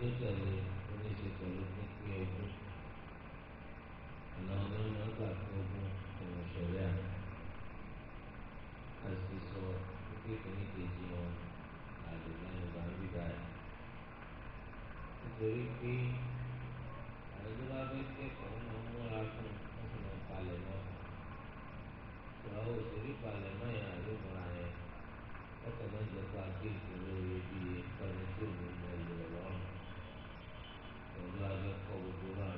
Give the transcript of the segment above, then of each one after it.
tó tẹ̀lé oníṣe pẹ̀lú pínpín ogún ọ̀nà ọ̀nà ọgbà pín ogún ọ̀nà ìṣẹ̀lẹ̀ à a sì sọ pé kìíní kejì wọn àlè lẹ́nu bá ń rí báyìí nítorí pé àwọn tó bá fẹ́ kẹ́kọ̀ọ́ máa múra fún wọn sì máa palẹ̀ mọ́ ìwà òṣèré palẹ̀ mọ́ yẹn àlè yẹn ọkọ̀ máa ń jẹ́ lórí bí ẹ̀ka ẹni tí ò good.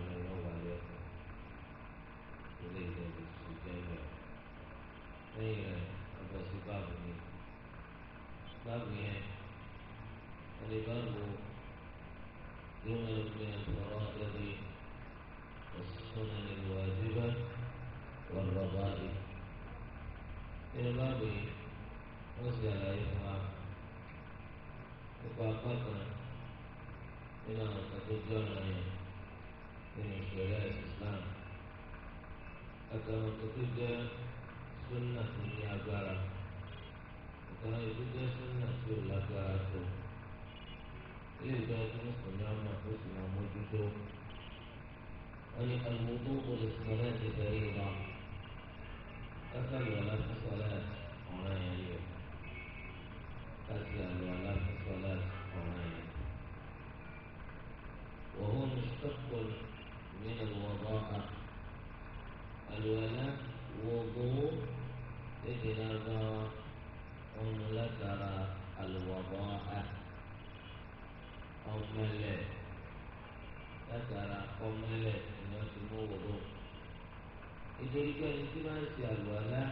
ṣe àlùwàlá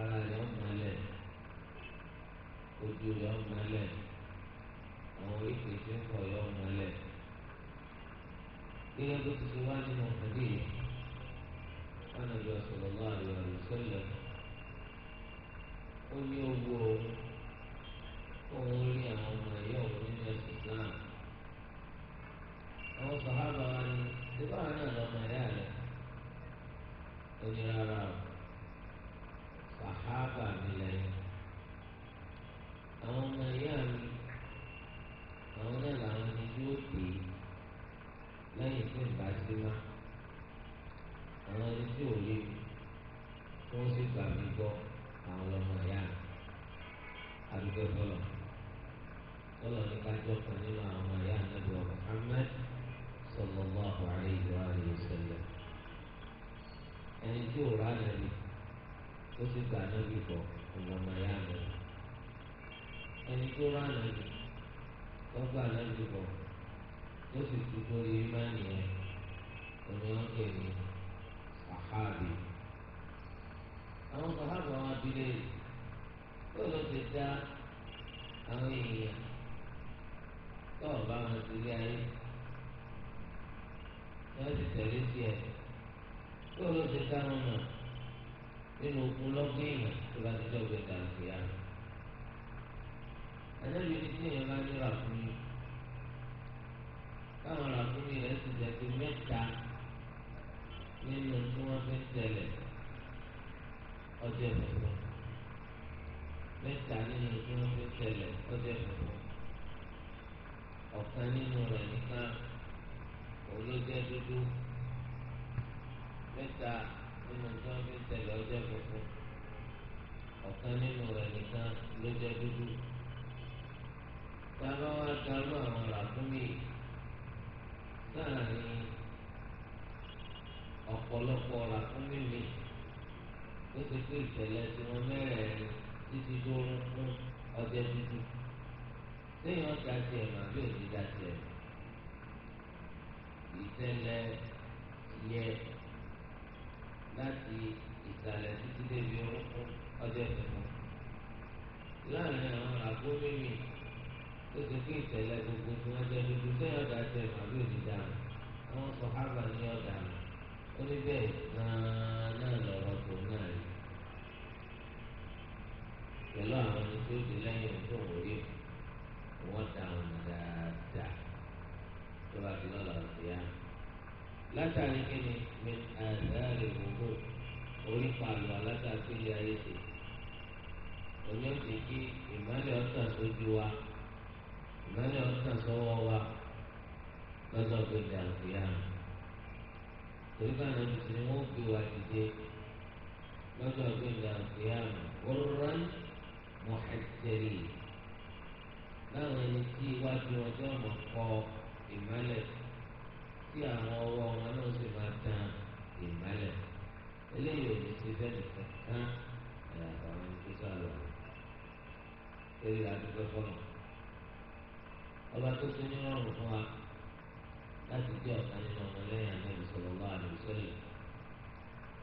ara rẹ̀ ọ̀mọ̀lẹ̀ ojú rẹ̀ ọ̀mọ̀lẹ̀ àwọn oríkèé tí ń bọ̀ yọ ọ̀mọ̀lẹ̀ gẹ́gẹ́ bó ti ṣe wá nínú ìpìlẹ̀ tí títí tó ń kún ọjọ́ dúdú lẹ́yìn ọjà tiẹ̀ mà bí òní dá tiẹ̀ ìtẹ́lẹ̀ yẹ láti ìsàlẹ̀ títí débi orúkún ọjọ́ tuntun láàrin àwọn àgbóyè tó ti kí ìtẹ̀lẹ̀ gbogbo tí wọ́n jẹ́ dúdú lẹ́yìn ọjà tiẹ̀ mà bí òní dá àwọn sọ̀hábà ní ọ̀dà mi ó ní náà lọ́rọ̀ tó náà rí pẹ̀lú àwọn ẹni tó di lẹ́yìn tó ń rí wọ́n dáhùn dáadáa tó bá di lọ́la ìyá. látàrí kíni mi àdáàrí gbogbo orí pàlọ́ alátàkì ilé ayé ṣe. oní ọ̀sẹ̀ kí ìmọ̀lẹ̀ ọ̀tàn sójú wa ìmọ̀lẹ̀ ọ̀tàn sọ́wọ́ wa lọ́sọ̀ tó di àlùfíà. torí báyìí lọ́dún tí wọ́n gbé wa dìde lọ́sọ̀ tó di àlùfíà. òrùn muhassirin láwọn ẹni tí iwájú ọjọ́ ọmọ kọ ìmọ́lẹ̀ tí àwọn ọwọ́ wọn náà sì máa tan ìmọ́lẹ̀ eléyìí ò ní sí bẹ́ẹ̀ kankan àyàfà àwọn ẹni tó sálọ eré àdúgbò fọlọ ọba tó tún ní ọrùn fún wa láti jẹ ọ̀kan nínú ọmọlẹ́yìn àná ìṣòro wa àdúgbò sọlẹ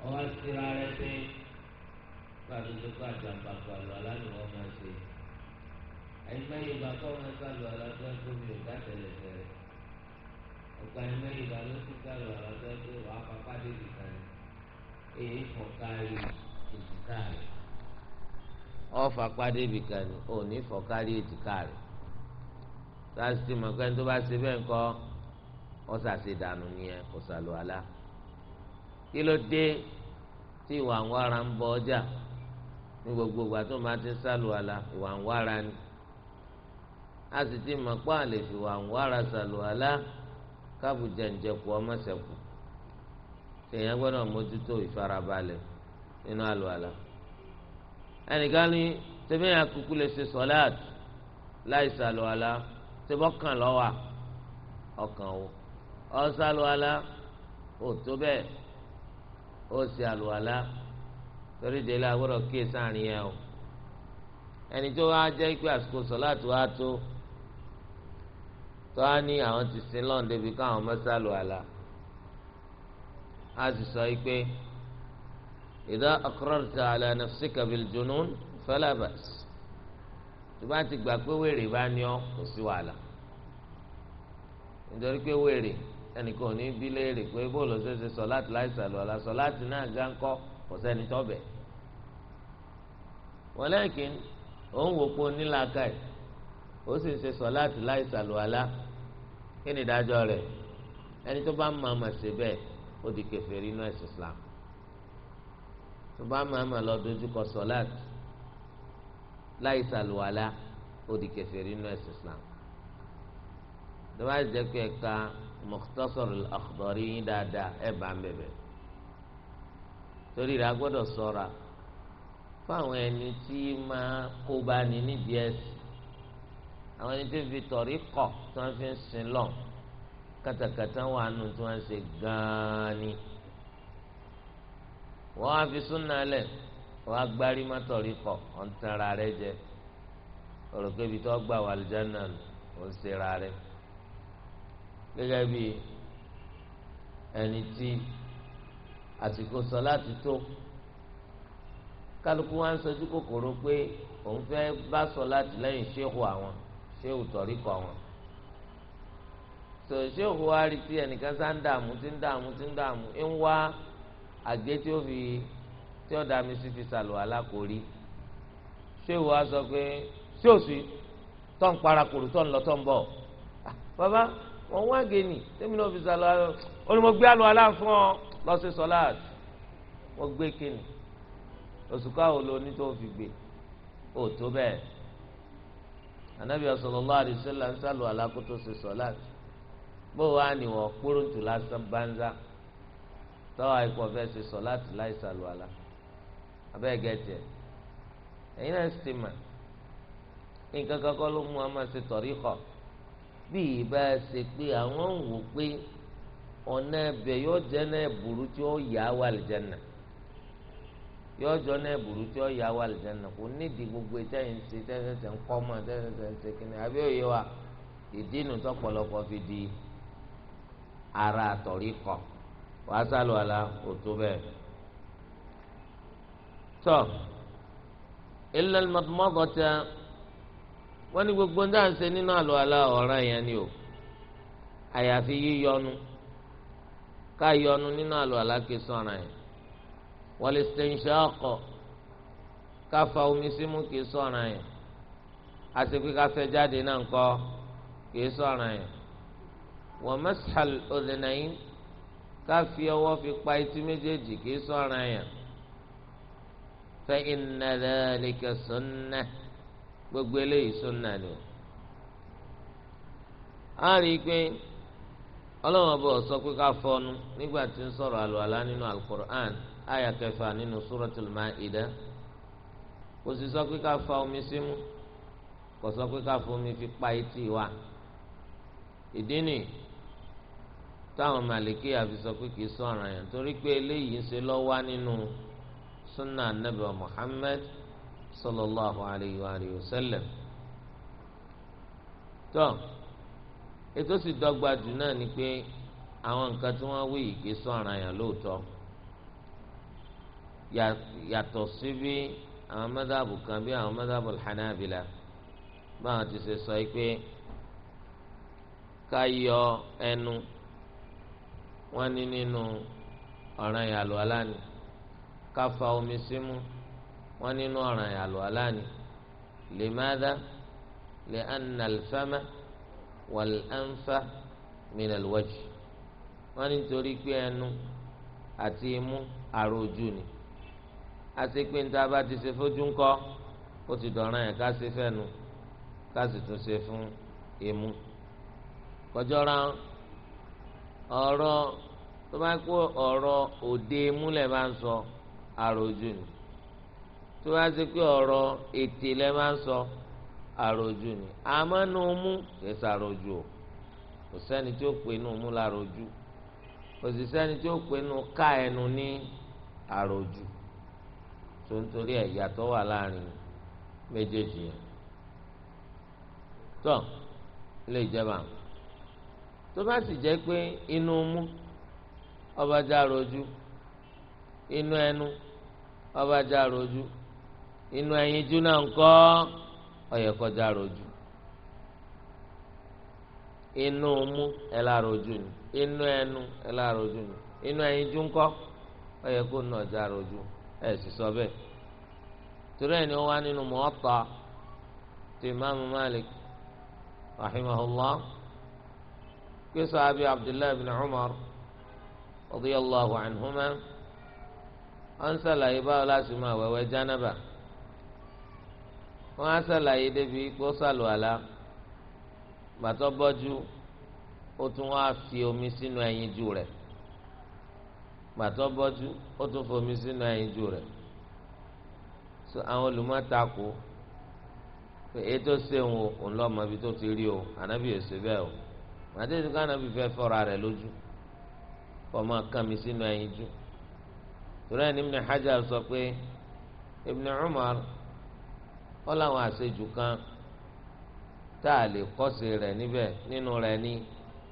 ọwọ́ síra rẹ pé pàdé tó kọ́ àjàmbá pàlọ́ aláníwọ̀ máa ṣe àyìnbáyé bá kọ́ máa pàlọ́ alájọ́ tó mi ò dá tẹ̀lẹ̀ tẹ̀lẹ̀ ọ̀pọ̀ àyìnbáyé bá ló ti pàlọ́ alájọ́ tó wà á papá débi kan èyí fọ̀ kárí èjìká rẹ̀ ọ̀fà pàdé ibì kan ní òní fọ̀ kárí èjìká rẹ̀ sáàsì mọ̀kẹ́ni tó bá ṣe bẹ́ẹ̀ ńkọ́ ọ̀sàṣe dànù nìyẹn kò sàlù àlá kí ló dé tí ìwà ń wára ń bọ ọjà ní gbogbo ìgbà tó máa ti sálù àlà ìwà ń wára ni a sì ti mọ̀ pé àlè fi ìwà ń wára sálù àlà kábùjẹ ǹjẹ̀kù ọmọ sẹ̀kù èèyàn gbọ́dọ̀ mójútó ìfarabalẹ̀ nínú àlù àlà ẹnìkan ní tẹ́mẹ́yà kúkú lè ṣe sọ́láàtù láì sálù àlà tẹ́bọ́kàn lọ́wà ọkàn o ọ sálù àlà ò tó bẹ́ẹ̀ ó sì àlù àlà torí délé agbọ́dọ̀ kíyè sáàrin yẹn o ẹni tó wá jẹ́ pé àsìkò sọ̀lá tó wá tó tó wá ní àwọn ti sin lọ́n débi káwọn mọ́sálù àlà a sì sọ pé idha aqrarta ala nafsika bil junun fala ba's tó bá ti gbà pé wèrè bá ní ọ kò sí wàhálà nítorí pé wèrè ẹnì kan ò ní bí léèrè pé bóòlù ṣe ṣe sọ láì sàlù àlà sọ láti náà gá ń kọ́ kò sẹ́ni tọ́bẹ̀ walakin òun wò pé onílàákà yìí ó sì ń ṣe sọ̀láàtì láì sàlùwàlá kí ni ìdájọ́ rẹ̀ ẹni tó bá máa mà ṣe bẹ́ẹ̀ ó di kèfèrí inú ẹ̀sìn Islam tó bá máa mà lọ dojúkọ sọ̀láàtì láì sàlùwàlá ó di kèfèrí inú ẹ̀sìn Islam tó bá jẹ́ pé ẹ̀ka Mukhtasar al-Akhdari yín dáadáa ẹ̀ bá ń bẹ̀bẹ̀ torí rẹ̀ a gbọ́dọ̀ ṣọ́ra fáwọn ẹni tí máa kó bá ní nídìí ẹ̀sìn àwọn ẹni tó fi tọ̀rí kọ̀ tí wọ́n fi ń sin lọ kàtàkàtà wà nù tí wọ́n ń ṣe gan-an ni wọ́n á fi súnà lẹ̀ wọ́n á gbárí má tọ̀rí kọ̀ ọ̀n tanra rẹ̀ jẹ ọ̀rọ̀ pé tó gbà wà lìjánà ò ń ṣera rẹ̀ gẹ́gẹ́ bí ẹni tí àsìkò sọláàtì tó kálukú wa ń sojú kòkòrò pé òun fẹ́ bá sọláàtì lẹ́yìn ṣéhù àwọn ṣéhù tọ̀ríkọ̀ wọn ṣéhù wa rí tí ẹnìkan sá ń dààmú tí ń dààmú tí ń dààmú ń wá àgé tí ó fi tí ọ̀dà mi sì fi sàlùwàlá kò rí ṣéhù wa sọ pé ṣé òsì tó ń parakòrò tó ń lọ tó ń bọ̀ ah, bàbá wọn wá gé ni tèmi náà fi sàlùwàlá olùmọ̀gbé àlùwàlá fún ọ lọ sí sọláàt wọ́n gbé kíni oṣù káwọn lóní tó fi gbé ó tó bẹ́ẹ̀ anabi sallallahu alaihi wasallam ń sálù alákòótó sí sọláàt bó wa ní wọn kúròǹtù lásán bánzá tọ́wọ́ àìkú ọ̀fẹ́ sí sọláàt láì sálù alá abẹ́ẹ̀ gẹ̀ẹ́tì ẹ̀yin náà sì ti nǹkan kankan ló mú wa ṣe tọ̀rí kọ̀ bí ìbá ṣe pé àwọn ń wò pé ọ̀nà ẹbẹ̀ yóò jẹ́ náà burú tí ó yà wà lìjẹ́nà yóò jọ náà burú tí ó yà wà lìjẹ́nà kò nídìí gbogbo ìtẹ́yìn ṣe tẹ́sẹ̀sẹ̀ ń kọ́ mọ́ tẹ́sẹ̀sẹ̀ ń ṣe kínní àbí òye wa ìdínú tọ́pọ̀lọpọ̀ fi di ara àtọ̀rí kọ wàá sálọ àlà òtó bẹ́ẹ̀. tọ́ ilẹ̀ mọ̀tòmọ́tòtà wọ́n ní gbogbo ń dáhùn ṣe nínú àlọ́ àlà ọ̀ràn yẹn ni o àyàfi yíyọnu. ká nínú àlùwàlá kì sọ̀ràn yẹn wal fa omi símú kì í sọ̀ràn yẹn àsìkò ká jáde náà kọ́ kì í sọ̀ràn yẹn wa mashal udhnayn ká fi ọwọ́ fi pa etí méjèèjì kì í sọ̀ràn yẹn gbogbo eléyìí ni o. a ọlọ́run ọba sọ pé ká fọnu nígbà tí ń sọ̀rọ̀ àlùwàlá nínú alukur'an àyà kẹfà nínú suratul maida kò sì sọ pé ká fa omi símú kò sọ pé ká fomi fi pa etí wa ìdí nì táwọn màlìkí àfi sọ pé kì í sọ ọ̀ràn yẹn torí pé eléyìí ń ṣe lọ́wọ́ nínú sunna anabi muhammed sallallahu alayhi wa sallam ètò sì dọ́gba jù náà ni pé àwọn nǹkan tí wọ́n wí ìké sọ̀ràn yàn lóòótọ́ yàtọ̀ sí bí àwọn mẹ́tàbù kan bí àwọn mẹ́tàbù Hanabila báwọn ti ṣe sọ pé ká yọ ẹnu wọn ní nínú ọ̀ràn yàlọ́ aláni ká fa omi símú wọn nínú ọ̀ràn yàlọ́ aláni lèmádà lè ànàlfẹ́mẹ́ wal anfa min al wajh wọ́n ní torí pé ẹnu àti imú àròjù ni àti pé níta bá ti ṣe fojú ńkọ́ ó ti dọ̀ràn yẹn ká ṣe fẹ́nu ká sì tún ṣe fún imú kọjọ́ra ọ̀rọ̀ tó bá kó ọ̀rọ̀ òde múlẹ̀ bá ń sọ àròjù ni tó bá ṣe pé ọ̀rọ̀ ètè lẹ́ bá ń sọ. So, Aroju ni àmọ́ inú mú kìí sàròjù o kò sẹ́ni tí ó pe inú mú láròjù kò sì sẹ́ni tí ó pe inú ká ẹnu ní àròjù tó ń torí ẹ̀ yàtọ̀ wà láàrin méjèèjì yẹn tó ilé ìjọba tó bá sì jẹ́ pé inú mú ọba já àròjù inú ẹnu ọba já àròjù inú náà ń kọ́ ọ́ ọyẹ kọjá rojú inú mú ẹ lára ojú ni inú ẹnu ẹ lára ni inú ọyẹ kó ọjà rojú ẹ sì sọ bẹ́ẹ̀ torí ẹni wá nínú Muwatta ti imaamu Malik rahimahullah kí abi Abdullahi bin Umar radiyallahu anhuma ọ̀n sàlàyé báwo láti máa wewe jánábà. wọ́n á ṣàlàyé débi pé ó ṣàlùwàlá gbàtọ́ bọ́jú ó tún wá fi omi sínú ẹyinjú rẹ̀ gbàtọ́ bọ́jú ó tún fomi sínú ẹyinjú rẹ̀ so àwọn olùmọ̀tàkù pé ètò sẹ́wọ̀n òun lọ́mọ ibi tó ti rí o ànábì èsì bẹ́ẹ̀ o màdéjì ká ànábì fẹ́ fọ́ra rẹ̀ lójú kọ́ máa kàn mí sínú ẹyinjú torí ẹni Ibn sọ pé Ibn Umar ó láwọn àṣejù kan tá a lè kọ́sì rẹ̀ níbẹ̀ nínú rẹ̀ ní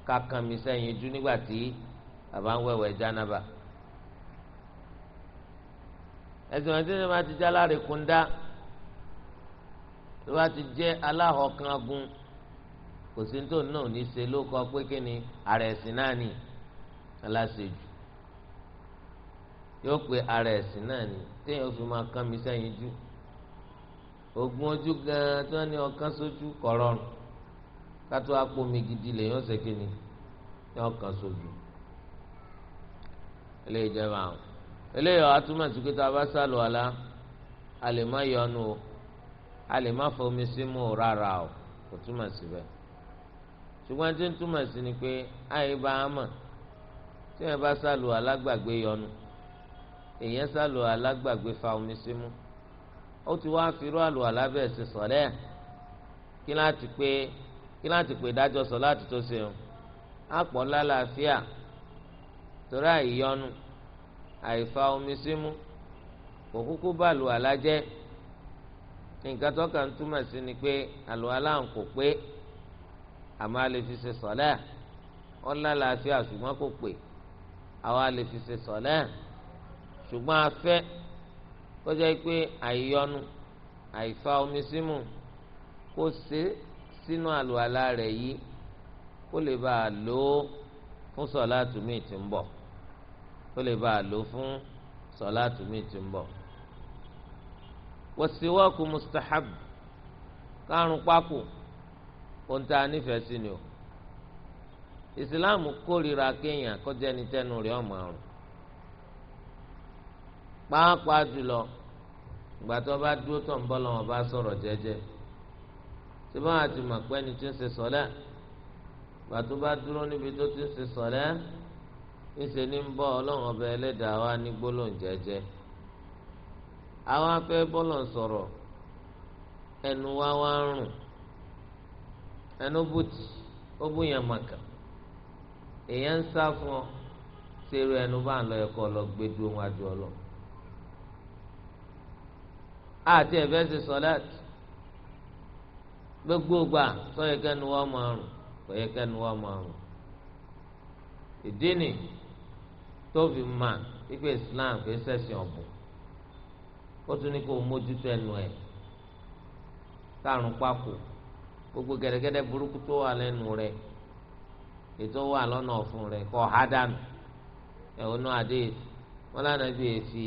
kákànmí sẹ́yìn jú nígbà tí àbá ń wẹ̀wẹ̀ jánábà ẹ̀sìn wọn tí wọ́n bá ti já lárekun dá tó ti jẹ́ aláhọ̀kangun kò sí tó náà ní ṣe ló kọ pé kí ni ara ẹ̀sìn náà ni aláṣejù yóò pe ara ẹ̀sìn náà ni téèyàn fi máa kànmí sẹ́yìn jú ogun ojú gan tí wọn ní ọkàn sójú kọrọrùn kátó apómi gidi lèyàn ṣèké ni ní ọkàn sójú eléyìí jẹba àwọn eléyìí ọ atúmọ̀ sí pé tá a bá sálò ọ̀la a lè má yọnu o a lè má fomi símú o rárá o kò túmọ̀ síbẹ̀ ṣùgbọ́n tí ń túmọ̀ sí ni pé àyè bá a mọ̀ tí wọn bá sálò alágbàgbé yọnu èèyàn sálò alágbàgbé fa omi símú. Si ó ti wá firú àlùwàlá bẹ́ẹ̀ ṣe sọ̀lẹ́ kí láti pé kí láti pé dájọ́ sọ láti tó ṣe o àpọ̀ lálàáfíà torí àìyọnu àìfa omi símú kò kúkú bá àlùwàlá jẹ́ nǹkan tó kàn túmọ̀ sí ni pé àlùwàlá ń kò pé àmọ́ a lè fi ṣe sọ̀lẹ́ ó lálàáfíà ṣùgbọ́n kò pé àwa lè fi ṣe sọ̀lẹ́ ṣùgbọ́n a fẹ́ kọjá pé àìyọnu àìfa omi símù kó ṣe sínú àlùwàlá rẹ̀ yìí kó lè bá a lò ó fún sọ̀láàtù míì tí ń bọ̀ kó lè bá lò ó fún sọ̀láàtù míì tí ń bọ̀. wàsíwáàkù mustahab kárùn pákó ohun tá a nífẹ̀ẹ́ sí ni o ìsìláàmù kórìíra kéèyàn kọjá ẹni tẹnu rẹ̀ ọmọ àrùn pàápàá jùlọ ìgbà tó bá dúró tó ń bọ́ lọ́wọ́ bá sọ̀rọ̀ jẹ́jẹ́ tí báwọn àti mọ̀ pé ẹni tí ń ṣe sọ̀lẹ́ ìgbà tó bá dúró níbi tó ti ń ṣe sọ̀lẹ́ ńṣe ní ń bọ́ ọlọ́run ọba ẹlẹ́dàá wa ní gbólóhùn jẹ́jẹ́ àwa fẹ́ bọ́lọ̀ sọ̀rọ̀ ẹnu wa wá ń rùn ẹnu bùtì ó bùyàn màkà èèyàn ń sá fún ọ ṣerú ẹnu bá ń lọ ẹ̀kọ́ lọ gbé dúró wájú ọlọ́run àti ẹ̀fẹ́ ṣe sọ́láàt gbogbo gbà sọ́yẹ kẹ́nu wọ́n máa rùn sọ́yẹ kẹ́nu wọ́n máa rùn ìdí ni tó fi mà wípé Islam kì í ṣẹ̀sìn ọ̀bùn ó tún ní kó o mójútó ẹnu ẹ̀ kárùn pákó gbogbo gẹ́dẹ́gẹ́dẹ́ burúkú tó wà lẹ́nu rẹ̀ ètò wà lọ́nà ọ̀fun rẹ̀ kọ́ ha dànù ẹ̀hónú adé wọn lánàá bí èsì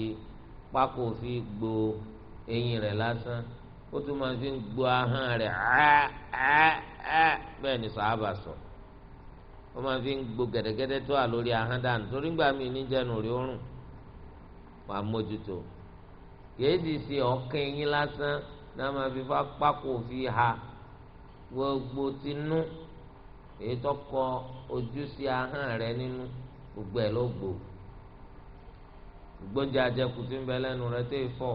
pákó fi gbòó. eyín rẹ̀ lásán ó tún máa fi ń gbọ́ ahọ́n rẹ̀ bẹ́ẹ̀ ni sàábà sọ ó máa fi ń gbọ́ gẹ́dẹ́gẹ́dẹ́ tó wà lórí ahọ́n dànù torí gbà mí níjẹnu rí oorun wà mójútó kìí sì ṣe ọ̀kàn eyín lásán náà máa fi pákó fi ha gbogbo tinú èyí tó ojú sí ahọ́n rẹ̀ nínú gbogbo ẹ̀ ló gbò gbóúnjẹ àjẹkù tí ń bẹ lẹ́nu tó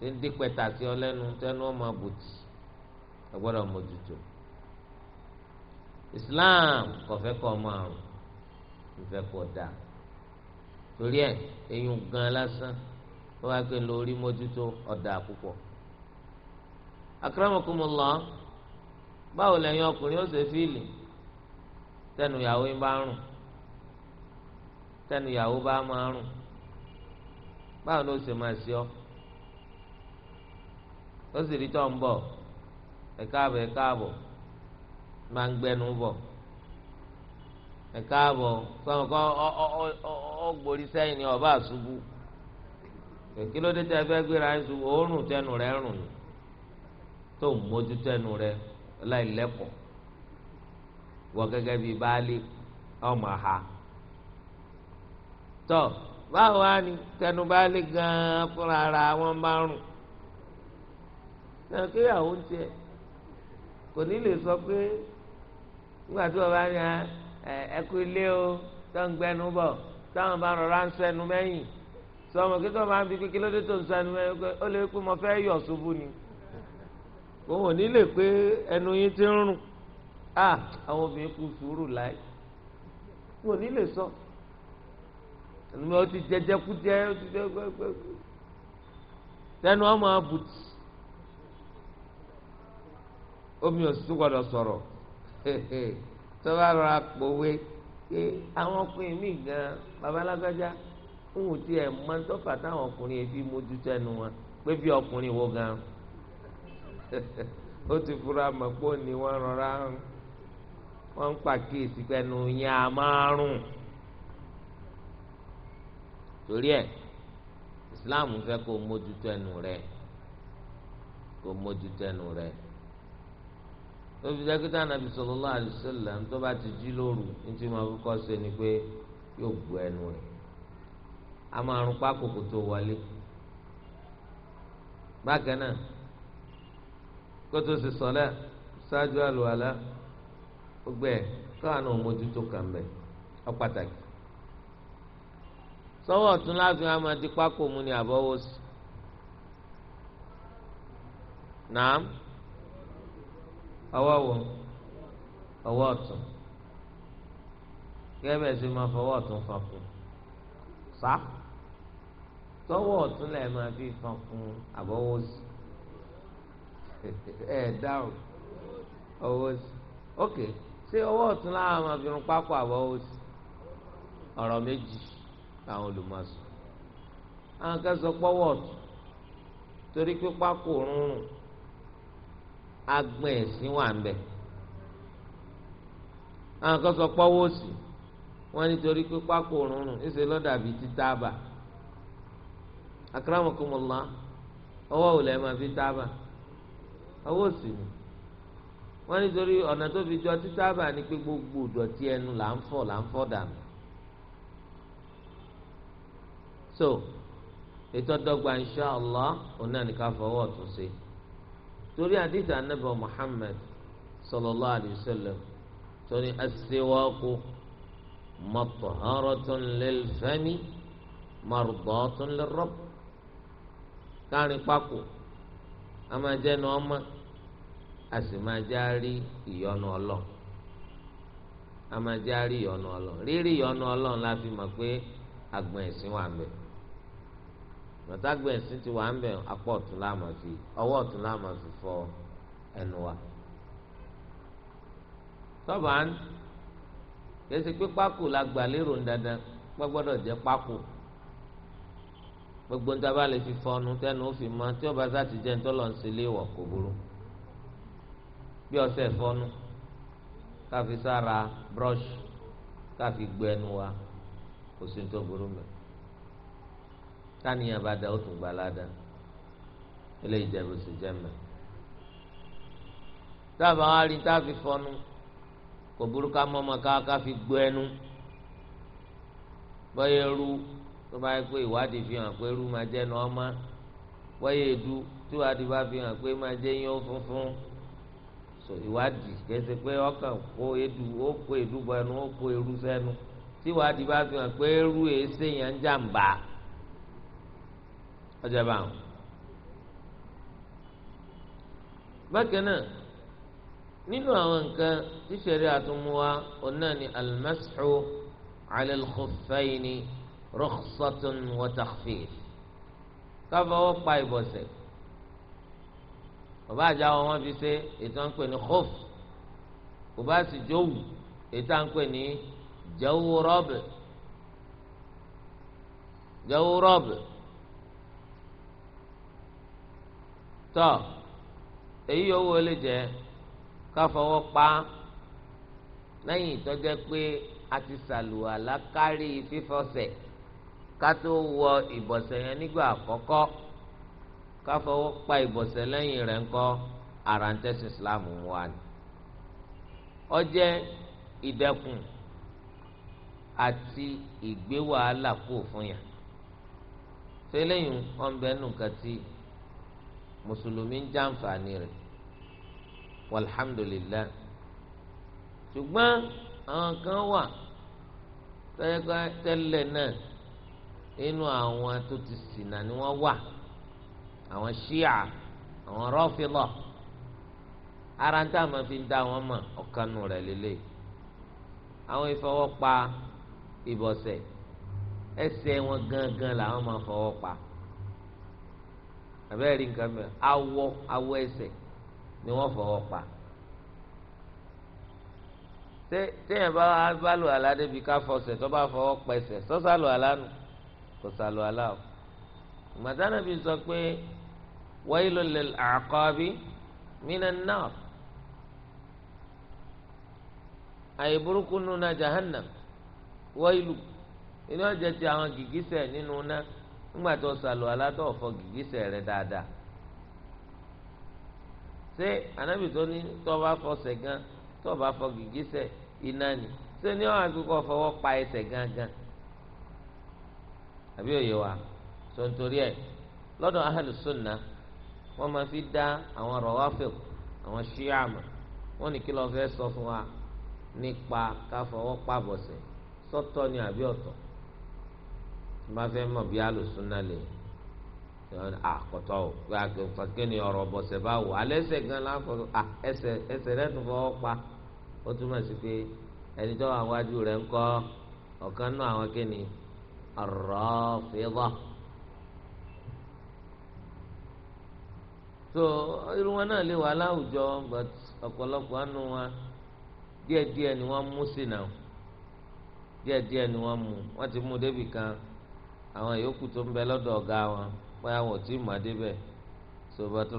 dédé pẹ̀tà sí ọ lẹ́nu tẹnu ọmọ àbùtì ẹ mójútó Islam kò fẹ́ kọ́ ọmọ àrùn kò fẹ́ kọ́ da torí ẹ eyín gan lásán wọ́n wá pé lórí mójútó ọ̀dà púpọ̀ akramakumullah báwo lẹ́yìn ọkùnrin ó ṣe fíìlì tẹnu ìyàwó yín bá rùn tẹnu ìyàwó bá máa rùn báwo ló ṣe máa ṣe ọ́ ó sì rí tó ń bọ̀ ẹ káàbọ̀ ẹ káàbọ̀ máa ń gbẹnu bọ̀ ẹ káàbọ̀ sọ̀rọ̀ kan ọ sẹ́yìn ni ọba àṣubú kí ló dé tẹ́ fẹ́ gbéra ẹ̀ ṣubú òórùn tẹnu rẹ̀ rùn ni tó ń mójú tẹnu rẹ̀ láìlẹ́kọ̀ọ́ wọ gẹ́gẹ́ bíi baálé ọmọ ha tọ́ báwo á ní tẹnu baálé gan-an fúnra ara wọn bá rùn náà kéyàwó ń tiẹ̀ kò ní lè sọ pé nígbà tí wọ́n bá ní ẹkú ilé o tó ń gbẹnu bọ̀ táwọn bá rọra ń sẹnu mẹ́yìn sọmọ kí tó máa ń bi kí ló tó ń sẹnu mẹ́yìn ó lè pé mo fẹ́ yọ̀ ṣubú ni òun ò ní lè pé ẹnu yín ti ń rùn à àwọn obìnrin kú sùúrù láì kò ní lè sọ ẹnu mi ó ti jẹjẹ kú jẹ ó ti jẹ gbẹgbẹgbẹ tẹnu ọmọ abùtì omi ò sì gbọdọ̀ sọ̀rọ̀ tó bá rọra pòwe pé àwọn ọkùnrin míì gan babalágbájá ń wò tí ẹ̀ mọ́ tó fà táwọn ọkùnrin ebi mójú tẹnu wọn pé bí ọkùnrin wo gan ó ti fura mọ̀ pé òní wọ́n rọra wọ́n ń pàkíyèsí pẹ̀lú yẹn a máa rùn torí ẹ̀ Islam fẹ́ kó mójútó ẹnu rẹ̀ kó mójútó ẹnu rẹ̀. tóbi dẹ́kítà nàbì sallallahu alaihi wasallam tó bá ti jí lóru ní tí mo kọ́ ṣe ni pé yóò bu ẹnu rẹ̀ a máa rún pákòkò tó wọlé bákan náà kótó sì ṣáájú káwọn kàn ọ pàtàkì sọwọ́ ọ̀tún láàfin àmọ́ di pákó mu ni ọwọ́ wo ọwọ́ ọ̀tún gẹ́gẹ́ bẹ́ẹ̀ sì máa fọwọ́ ọ̀tún fọkùn sá tọwọ́ ọ̀tún lẹ́ẹ̀ máa fi fọkùn àbọ̀wọ́ sí ẹ̀ dáhùn ọwọ́ sí ok ṣé ọwọ́ ọ̀tún láwọn máa fi rún pákó àbọ̀wọ́ sí ọ̀rọ̀ méjì làwọn olùmọ̀ọ́sọ àwọn kan sọ pé ọ̀tún torí pé pákó rúnrún agbọn ẹ̀sìn wà ń àwọn kan sọ pọ́wọ́ sí wọ́n nítorí pé pákó rúnrún ẹsẹ̀ lọ́dà bíi títàbà ọwọ ọwọ́ òlẹ̀ máa fi tábà ọwọ́ ni nítorí ọ̀nà tó fi jọ títàbà ni gbogbo ìdọ̀tí ẹnu là ń fọ̀ là ń fọ̀ so ètò ọdọgba òun náà torí àdìsí anábọ̀ Muhammad sallallahu alayhi wa sallam tóní as-siwaku mọ̀tọ̀hárọ̀tún lẹ́lfẹ́mi mọ̀rùdọ́tún lẹ́rọ́b kárin pákó a máa jẹ́ ní ọmọ a sì máa já rí ìyọnu a máa já rí ìyọnu ọlọ́ọ̀ rírí ìyọnu ọlọ́ọ̀ la fi mọ̀ pé àgbọ̀n ẹ̀sìn wà mẹ́ẹ̀. mọ̀tàgbẹ̀ ẹ̀sìn ti wà ń bẹ̀ apọ̀ ọ̀tún láàmà fi ọwọ́ ọ̀tún láàmà fi fọ ẹnu wa. tọ́ba ń kẹsì pé pákó la gbà lérò ń dandan pé gbọ́dọ̀ jẹ́ pákó gbogbo ń dábàá lè fi fọnu tẹnu ó fi mọ tí ọba sá ti jẹ ń tọ́lọ̀ ń ṣe léèwọ̀ kò burú bí ọṣẹ fọnu káfi sára brush káfi gbẹnu wa kò sí ní tó burú mẹ́ táníyàn bá da ó tún gba ládà eléyìí jẹ bùsùn jẹ mẹ dábàá wá rí tá a fi fọnu kò burú ká mọ́ ọmọ ká ká fi gbó ẹnu bọ́yẹ ru tó bá yẹ pé ìwádìí fi hàn pé ru máa jẹ́ ẹnu ọmọ bọ́yẹ edu tí ìwádìí bá fi hàn pé máa jẹ́ yín ó funfun ìwádìí kẹsẹ̀ pé ọkàn kó edu ó kó edu bọ ẹnu ó kó eru sẹ́nu tí ìwádìí bá fi hàn pé eru èé sèyàn jàǹbá ọjà bá wọn. bákan náà nínú àwọn nǹkan tí sẹ́rí àtúnmúwa ọ̀nà ni almasxu ala alkhuffaini rukhsatun wa takhfif káfọwọ́ pa ìbọ̀sẹ̀ bàbá àjà wọn wọn fi ṣe ètò à ní khuf bàbá sì jówù ètò à ń pè ní jawurọ́bì jawurọ́bì. tọ́ èyí owó lè jẹ́ ká fọwọ́ pa lẹ́yìn ìtọ́jẹ́ pé a ti sàlùwàlá kárí fífọsẹ̀ ká tó wọ ìbọ̀sẹ̀ yẹn nígbà àkọ́kọ́ ká fọwọ́ pa ìbọ̀sẹ̀ lẹ́yìn rẹ̀ ńkọ́ ara ń tẹ̀sí Islam wa ni ó àti ìgbé wàhálà kù fún yàn ṣé ọ̀nbẹ́nu kan mùsùlùmí ń jàǹfààní rẹ̀ walhamdulillah ṣùgbọ́n àwọn kan wà tẹ́lẹ̀ náà nínú àwọn tó ti ṣìnà ni wọ́n wà àwọn ṣíà àwọn rọ́fìlọ̀ ara ń táwọn fi ń dá wọn mọ̀ ọ̀kanù rẹ̀ lélẹ̀ àwọn ìfọwọ́pa ìbọ̀sẹ̀ ẹsẹ̀ wọn gangan làwọn máa fọwọ́ pa àbẹ́rẹ́ rí nǹkan mẹ́rin awọ awọ ẹsẹ̀ ni wọ́n fọwọ́ pa téèyàn bá bá lò àlá débi ká fọsẹ̀ tó bá fọwọ́ pẹsẹ̀ sọ́sà lò àlá nù kò sà lò àlá o màdánà bí sọ pé wailul lil a'qabi minan nar àyè burúkú nù náà jahannam wáyé lò iná jẹ ti àwọn gìgísẹ̀ nínú náà nígbà tó sàlù alátọ̀ ọ̀fọ̀ gìgísẹ̀ rẹ̀ dáadáa ṣé anábì tó ní tọ́ba fọsẹ̀ gan tọ́ba fọ gìgísẹ̀ iná ni ṣé ní ọ̀hún àti kọ́ fọwọ́ pa ẹsẹ̀ gangan àbí òye wa tó ń torí ẹ̀ lọ́dọ̀ ahlus sunnah wọ́n máa fi dá àwọn rawafil àwọn ṣíàmù wọ́n ní kí lọ́ọ́ fẹ́ sọ fún wa nípa káfọwọ́ pàbọ̀sẹ̀ sọ́tọ̀ ni àbí ọ̀tọ̀ má fẹ́ mọ̀ bí alùsùnà lè àkọ́tọ́ o kí ni ọ̀rọ̀ bọ̀sẹ̀ bá wò alẹ́sẹ̀ gan láfọ̀ọ́ ẹsẹ̀ ẹsẹ̀ rẹ̀ tún fọwọ́ pa ó túmọ̀ sí pé ẹni tó wà wájú rẹ̀ ń kọ́ ọ̀kan náà àwọn kí ni Rāfidah. so irun wọn náà lè wà láwùjọ but ọ̀pọ̀lọpọ̀ àánú wa díẹ̀díẹ̀ ni wọ́n mú sí náà díẹ̀díẹ̀ ni wọ́n mú wọ́n ti mú débì kan. àwọn yòókù tó ń bẹ lọ́dọ̀ ọ̀gá wọn pé àwọn ò tí ì mọ̀ débẹ̀ sòbọ̀tì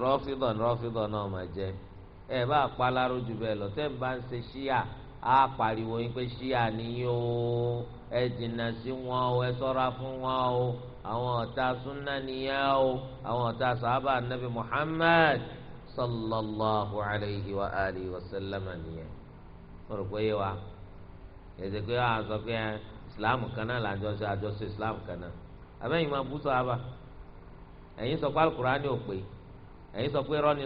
rọ́fìdàn náà mà jẹ́ ẹ lọ tẹ́ ń bá ń ṣe ṣíà á pariwo yín pé ṣíà nìyí o ẹ sí wọn o ẹ o àwọn ọ̀tá o àwọn ọ̀tá nàbì sallallahu alayhi wa wa islam kana la là ń jọ ṣe àjọṣe islam kan náà abẹ́yìn máa bú sọ́ọ́bà ẹ̀yin alukurani ò pé ẹ̀yin sọ pé rọ́ọ̀nì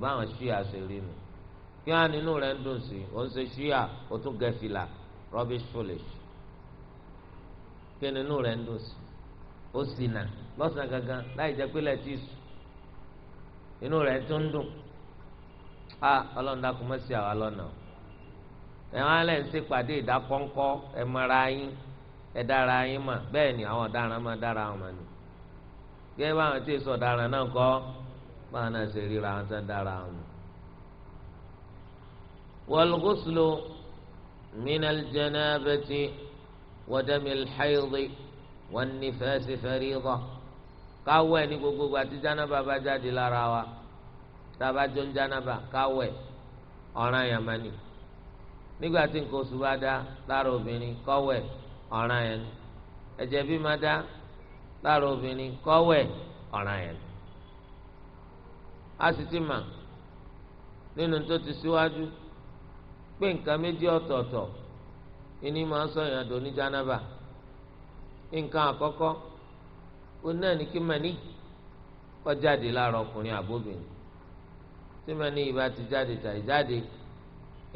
bá àwọn ṣíà ṣe nu kí wọ́n á nínú ń dùn sí i tún rubbish foolish kí nínú rẹ̀ ń dùn sí i ó sì nà lọ́sàn-án gangan láì ẹ̀wọ̀n alẹ́ ń ṣèpàdé ìdákọ́ńkọ́ ẹ̀ mọ́ra yín ẹ̀ dára yín mà bẹ́ẹ̀ ni àwọn ọ̀daràn máa dára wọn mà ní. gẹ́gẹ́ báwọn tí èso ọ̀daràn náà kọ́ báwọn náà ṣe ríra wọn tán dára wọn. wal ghuslu janabati wa dami al-hayd wa an-nifas fariḍa káwọ́ ní gbogbo àti jánábà bá jáde lára wa tá a bá jọ ọ̀ràn yàmánì. nígbà tí nǹkan oṣù bá dá lára obìnrin kọ́wẹ̀ ọ̀ràn yẹn ni ẹ̀jẹ̀ bí máa dá lára obìnrin kọ́wẹ̀ ọ̀ràn yẹn a sì ti mà nínú tó ti síwájú pé nǹkan méjì ọ̀tọ̀ọ̀tọ̀ ìní máa ń sọ ìrìnàjò ní jánábà nǹkan àkọ́kọ́ òun náà ní kí mẹ́ni jáde lára ọkùnrin àbóbìnrin ti jáde tàì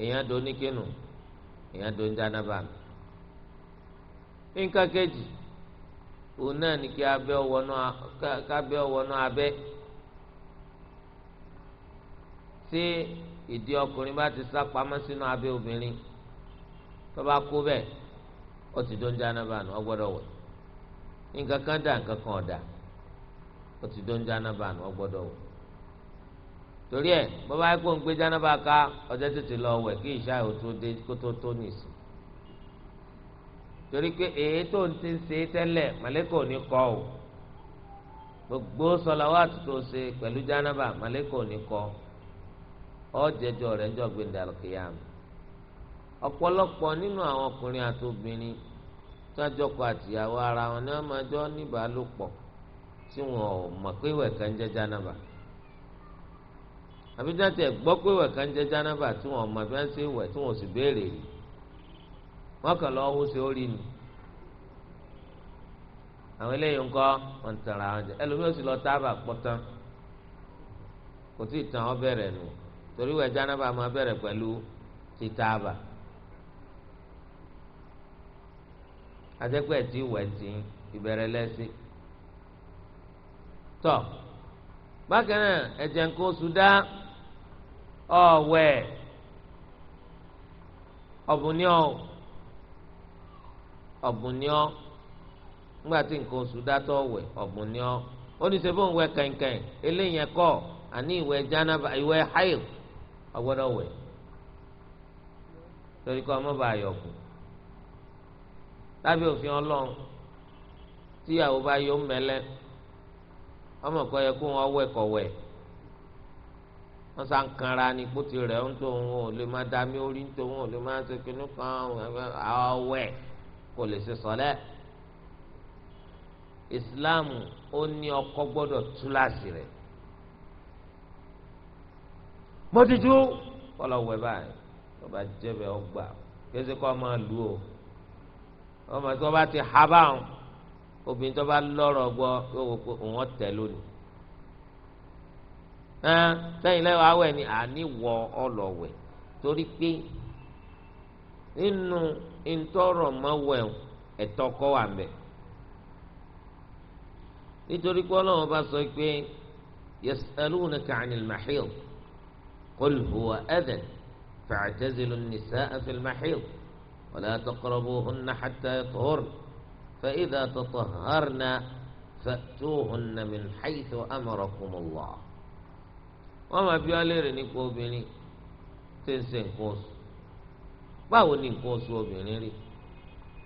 èèyàn do níkẹnu èèyàn do níjànàbà mi nǹkan òun náà ní kí abẹ́ kábẹ́ abẹ́ tí ìdí ọkùnrin bá ti sá pamọ́ sínú abẹ́ obìnrin tó bá kú bẹ́ẹ̀ ó ti do níjànàbà nù ó gbọ́dọ̀ wẹ̀ nǹkan kan dà nǹkan kan ọ̀dà ó ti do wẹ̀. torí ẹ bọ́bá yẹ kó ń gbé jánábà ká ọjọ́ tètè lọ wẹ̀ kí ìṣá ò tó dé kó tó tó nìsí torí pé èyí tó ń ti ń ṣe tẹ́lẹ̀ màlẹ́kọ̀ ní kọ́ ò gbogbo sọláwà tó ṣe pẹ̀lú jánábà màlẹ́kọ̀ ní kọ́ ọ̀jẹ̀jọ rẹ̀ jọ gbẹ̀ndàlù kìyàmù ọ̀pọ̀lọpọ̀ nínú àwọn ọkùnrin àti obìnrin tó àjọkọ àtìyàwó ara wọn ni wọ́n máa jọ níbàálòpọ̀ tí wọn ò mọ̀ pé ìwẹ̀ kan jẹ́ jánábà àbí dáńtì ẹ̀ gbọ́ pé wẹ̀ kan jẹ́ jánábà tí wọ́n mọ̀ bí wọ́n ṣe wẹ̀ tí wọ́n sì béèrè rí wọ́n kàn lọ́wọ́ ṣe ó rí ni àwọn eléyìí ńkọ́ wọ́n ń tẹ̀ra àwọn jẹ ẹlòmíràn sì lọ tábà pọ́tán kò tí ì tàn ọ́ bẹ̀rẹ̀ nù torí wẹ̀ jánábà máa bẹ̀rẹ̀ pẹ̀lú ti tábà adẹ́pẹ́ tí wẹ̀ ti ìbẹ̀rẹ̀ lẹ́sìn tọ́ bákan náà ẹ̀jẹ̀ nǹkan oṣù dá ọ̀wẹ̀ ọ̀bùnìọ́ ọ̀bùnìọ́ nígbà tí nǹkan oṣù dátọ̀ wẹ̀ ọ̀bùnìọ́ ó ní sẹ́fún ìwẹ̀ kẹ̀kẹ́ eléyìí ẹ̀kọ́ àní ìwẹ̀ jánábà ìwẹ̀ hail ọgbọ́dọ̀ wẹ̀ torí kọ́ ọmọ bá yọkù lábẹ́ òfin ọlọ́run tíyàwó bá yọ mẹ́lẹ́ ọmọ kọ́ yẹ kó wọn wẹ̀ kọ̀ wẹ̀ wọ́n sá ń kanra ní kó ti rẹ̀ ń tó òun ò lè má dami orí ń tó òun ò lè má ṣe kinní kan àwẹ̀ kò lè ṣe sọ́lẹ̀. Islam ó ní ọkọ gbọ́dọ̀ túláàsì rẹ̀ mọ́tútù kọ́lọ̀ wẹ̀ báyìí lọ́ba jẹ́bẹ̀ ọgbà kéṣe kọ́ máa lù o ọmọ tí wọ́n bá ti ha báwọn obìnrin tó bá lọ́rọ̀ gbọ́ yóò wò pé òun ọ̀tẹ̀ lónìí. sẹ́yìn wá awẹ́ ni àníwọ̀ ọlọ́wẹ̀ torí pé nínú ntọ́rọ̀ mọ́wẹ́ ẹ̀tọ́ kọ́ wà mẹ́ nítorí pé ọlọ́run bá sọ pé yasalunaka anil mahil qul huwa adhan fa'tazilu an-nisaa fil mahil wala taqrabuhunna hatta yatahurna فإذا تطهرن فأتوهن من حيث أمركم الله wọ́n máa bí wọ́n léèrè nípa obìnrin tó ń ṣe nǹkan oṣù báwo ni nǹkan oṣù obìnrin rí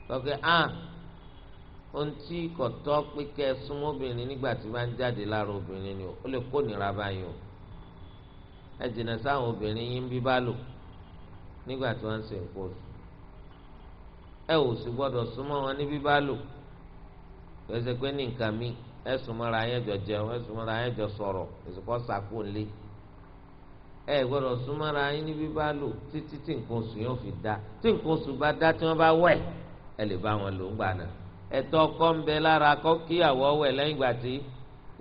lọ́kẹ́ á ohun tí kò tọ́ pé kẹ́ ẹ súnmọ́ obìnrin nígbà tí wọ́n jáde lára obìnrin ni ó lè kó nira báyìí o ẹ jìnnà sáwọn obìnrin yín bí bá lò nígbà tí wọ́n ń ṣe nǹkan oṣù ẹ ò sì gbọ́dọ̀ súnmọ́ wọn ní bí bá lò pèsè pé ní nǹkan mi ẹ súnmọ́ra yẹn jọ jẹun ẹ súnmọ́ra yẹn jọ sọ̀rọ̀ èsì kọ́ sàkóńlé ẹ gbọ́dọ̀ súnmọ́ra yín níbí bá lò títí tí nǹkan oṣù yóò fi dá tí nǹkan oṣù bá dá tí wọ́n bá wẹ̀ ẹ lè bá wọn lò ń gbà náà ẹ̀tọ́ ọkọ ń bẹ lára kọ kíyàwó wẹ̀ lẹ́yìn ìgbà tí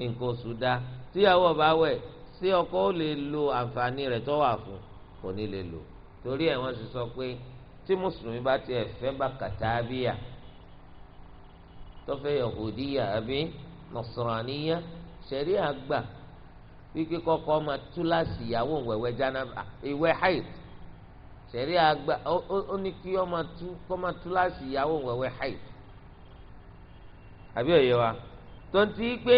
nǹkan oṣù dá tíyàwó bá wẹ̀ sí ọkọ ó lè lo àǹfààní rẹ̀ tó wà fún kò ní lè lò torí ẹ̀ wọ́n ti sọ pé tí mùsùlùmí bá tiẹ̀ fẹ́ bá kàtàbíyà tó fẹ́ yọ̀hùdíyà àbí nọ̀sọ̀ràníyà ṣẹ̀ríà gbà wíkí kọ́kọ́ ọmọ túláàsì ìyàwó wẹ̀wẹ̀ jánábà ìwẹ̀ haid sẹ̀rí àgbà ó ní kí ọmọ tú kọ́ ọmọ túláàsì ìyàwó wẹ̀wẹ̀ haid àbí wa tó ń ti pé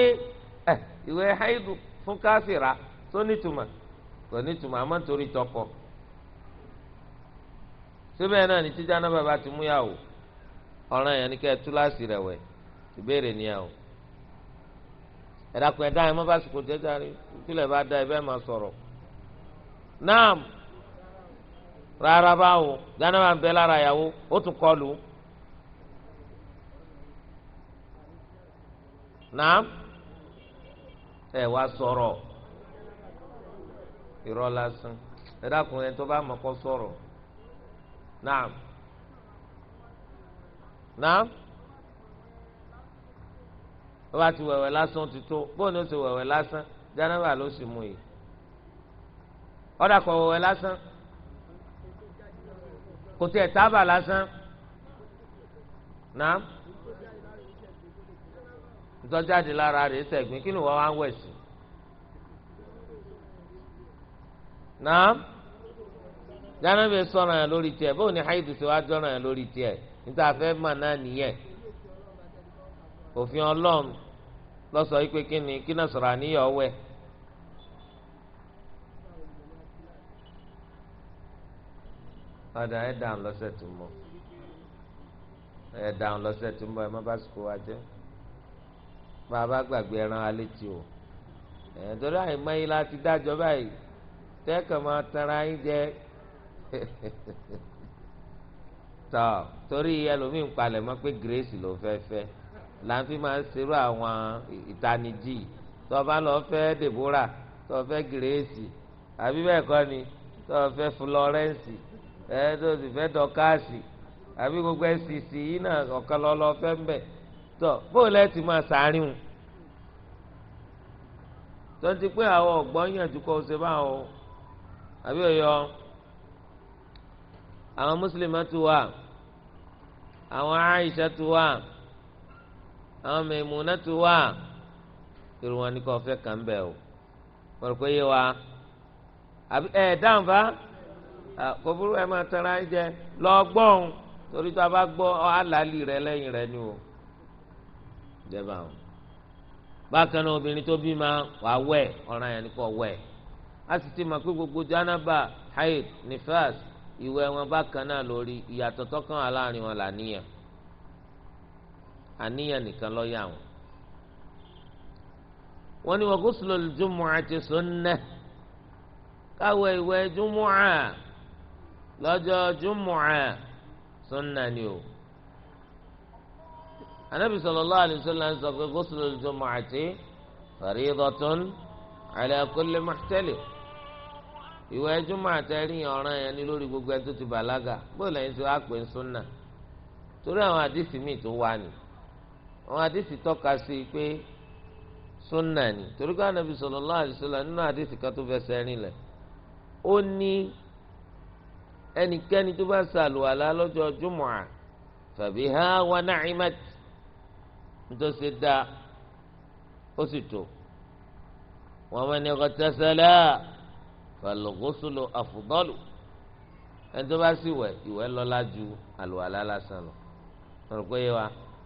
ìwẹ̀ haid fún káfíra tó nítumọ̀ kò nítumọ̀ àmọ́ nítorí tọkọ síbẹ̀ náà ní tí jánábà bá ti mú yàwó ọ̀ràn yẹn ni kẹ́ túláàsì ẹ̀dá kun ẹ̀dá yẹn mọ́ bá sùkò jẹ́jà rí tílẹ̀ bá da ẹ̀bẹ́ máa sọ̀rọ̀ naam rárá báwo gánà máa ń bẹ lára tó bá ti wẹ̀wẹ̀ lásán ti tó bóun ló ti wẹ̀wẹ̀ lásán jánábà ló sì mú yìí ọ̀dà kọ̀ wẹ̀wẹ̀ lásán kò tiẹ̀ tábà lásán náà ntọ́jáde lára rẹ̀ sẹ̀gbìn kí ni wọ́n wá ń wẹ̀ sí náà jánábà sọ̀rọ̀ yẹn lórí tiẹ̀ bóun ni haidu ti wá jọ̀rọ̀ yẹn lórí tiẹ̀ níta fẹ́ mọ̀ náà nìyẹn òfin ọlọ́run lọ́sọ̀ yìí pé kí ni kí náà sọ̀rọ̀ àníyàn ọwẹ́ ọ̀dà ẹ̀ dáhùn lọ́sẹ̀ tó mọ̀ ẹ̀ dáhùn lọ́sẹ̀ tó mọ̀ ẹ̀ má bá sùkú wa jẹ́ bàbá gbàgbé ẹran alẹ́ tí o ẹ̀ torí àìmọ́ yìí láti dájọ́ báyìí tẹ́kọ̀ máa tara yín jẹ tọ́ torí ẹlòmíín palẹ̀ mọ́ pé grace ló fẹ́ fẹ́ là ń fi máa ń serú àwọn ìtanijì tó o bá lọ fẹ́ Deborah tó o fẹ́ Grace àbí bẹ́ẹ̀ kọ́ ni tó o fẹ́ Florence ẹ tó o sì fẹ́ dọ́kásì àbí gbogbo ẹ̀sìsì yìí náà ọ̀kan lọ lọ fẹ́ ń bẹ̀ tó bó lẹ́ máa sàárín wọn tó ti pé àwọn ọ̀gbọ́n yànjú kọ́ ọ ṣe báwọn àbí ọ̀yọ́ àwọn mùsùlùmí tó wà àwọn Aisha tó wà àwọn Maimunatu wà irun wọn ni kò fẹ́ kàn bẹ́ẹ̀ o wọ́n kò yé wa àbí ẹ̀ dáhùn fa kò burú ẹ̀ máa tẹ̀ra ẹ̀ jẹ lọ gbọ́n torí tó a bá gbọ́ àlàálì rẹ lẹ́yìn rẹ ni o jẹba o bákan náà obìnrin tó bí ma wàá wẹ̀ ọ̀ràn yẹn ni kò wẹ̀ a sì ti mọ̀ pé gbogbo janaba haid nifas ìwẹ̀ wọn bákan náà lórí ìyàtọ̀ tọ́kàn aláàrin wọn là níyàn àníyàn nìkan ló yà wọ́n. wọ́n ní wa ghuslul jumu'ati sunnah káwẹ̀ ìwẹ̀ jumu'a lọ́jọ́ jumu'a sunnah ni o. anabi sallallahu alayhi wa sallam sọ pé ghuslul jumu'ati faridatun ala kulli muhtalim ìwẹ̀ jùmọ̀ àtẹ̀rìn ọ̀ràn yẹn ni lórí gbogbo ẹni tó ti bàlágà bóyá lẹ́yìn tó àpè ń súnà torí àwọn àdìsí míì tó wà ní. àwọn àdìsí tọ́ka sí i pé sunna ni torí ká nàbí sallallahu alaihi wasallam nínú àdìsí kan tó fẹsẹ̀ rìn ó ní ẹnikẹ́ni tó bá ṣàlùwàlá lọ́jọ́ jùmọ̀à fabiha wa na'imat nítòsí dá ó sì tó ẹni tó bá ju àlùwàlá lásán lọ.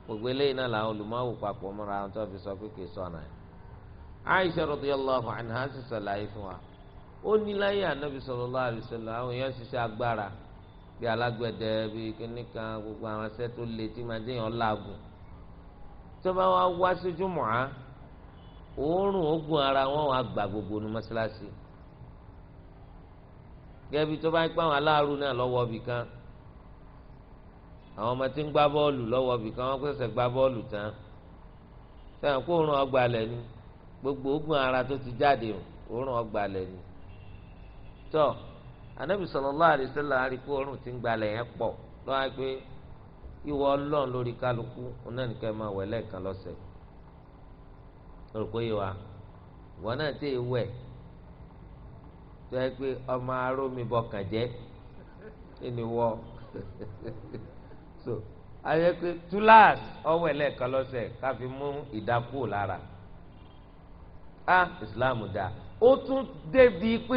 gbogbo eléyìí náà làwọn olùmọ̀wò papọ̀ mọ́ra àwọn tó fi sọ pé kìí sọ̀nà ẹ̀. Aisha radiyallahu anha sì sàlàyé fún wa ó ní láyé ànábì sallallahu alaihi wasallam àwọn èèyàn ṣiṣẹ́ agbára bíi alágbẹ̀dẹ bíi kíníkan gbogbo àwọn iṣẹ́ tó le tí máa déyàn láàgùn tó bá wá wá sí jùmọ̀á òórùn ogun ara wọn wà gbà gbogbo ní mọ́ṣáláṣí gẹ́gẹ́ tó bá ń pẹ́ àwọn aláàrú náà lọ́wọ́ àwọn ọmọ tí ń gbá bọ́ọ̀lù lọ́wọ́ bì kan wọ́n pèsè gbá bọ́ọ̀lù tán sẹ́yìn kó òórùn ọgbà lẹ̀ ni gbogbo ogun ara tó ti jáde òórùn ọgbà lẹ̀ ni tọ́ anabi sallallahu alaihi wasallam àríkó òórùn tí ń gbalẹ̀ yẹn pọ̀ lọ́wọ́ pé ìwọ ọlọ́run lórí kálukú náà nìkan máa wẹ̀ lẹ́ẹ̀kan lọ́sẹ̀ olùkóyè wa ìwọ náà tẹ̀ wẹ̀ tó yẹ pé ọmọ arómi bọkàn jẹ́ ẹni wọ́ so ayẹ pé túláàsì ọwọ́ ẹlẹ́ẹ̀kan mụ ịdapụ mú ìdákù lára a islam dá ó tún débi pé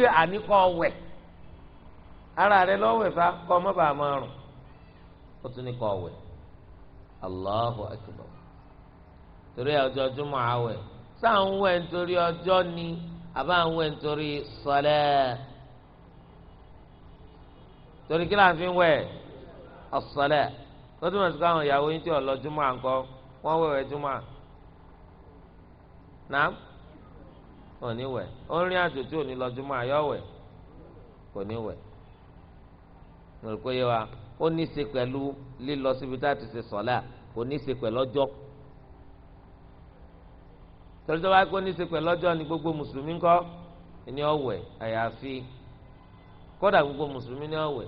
ara rẹ lọ́wọ́ ẹ̀fà kọ́ ọ mọ́bàá máa rùn ó tún allahu akbar torí ọjọọ júmọ̀ àwẹ̀ sáà ń ni àbá ń nítorí torí kí lọ́tí wọn sọ káwọn ìyàwó yín tí ò lọ júmọ́ àǹkọ́ wọ́n wẹ̀wẹ̀ júmọ́ náà ò ní wẹ̀ ó ń rìn àjò tí ò ní lọ júmọ́ àyọ̀ wẹ̀ kò ní wẹ̀ mo rò pé yẹ wa ó ní í ṣe pẹ̀lú lílọ síbi tá a ti ṣe sọ̀lá kò ní í ṣe pẹ̀lú ọjọ́ torí tó bá kó ní í ṣe pẹ̀lú ọjọ́ ni gbogbo mùsùlùmí ńkọ́ ni ọ̀wẹ̀ àyàfi kódà gbogbo mùsùlùmí ni ọ̀wẹ̀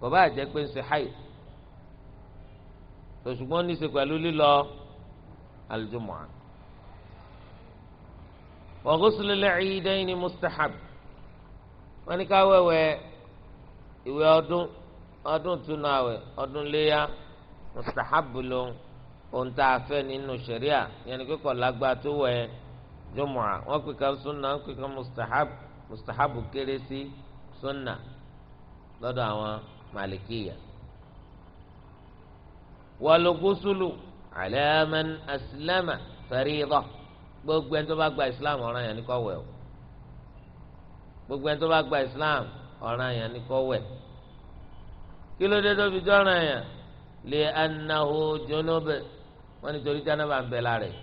bàbá àjẹpẹ́ ń ṣe háì sòṣùgbọ́n ní í ṣe pẹ̀lú lílọ aljumua wa ghusl al-'iidayn mustahab wọ́n ní ká wẹ̀wẹ̀ ìwẹ̀ ọdún ọdún túnú àwẹ̀ ọdún léyà mustahab ló ń ohun tá a fẹ́ nínú ṣẹ̀ríà yẹn ni kíkọ̀ lágbá tó wẹ̀ jumua wọ́n pè ká sunna wọ́n pè ká mustahab mustahab kéré sí sunna lọ́dọ̀ àwọn màlìkíyà wàlúgúsùlù àlẹ́mẹ́n asilámà fẹ̀ríyìdọ̀ gbogbo ẹni tó bá gba islam ọ̀ràn yẹn ni kó wẹ̀ o gbogbo ẹni tó bá gba islam ọ̀ràn yẹn ni kó wẹ̀ kí ló dé tó fi jọ́ràn yẹn lè anahu jónóbẹ̀ wọ́n ní torí jánábà ń bẹ lára ẹ̀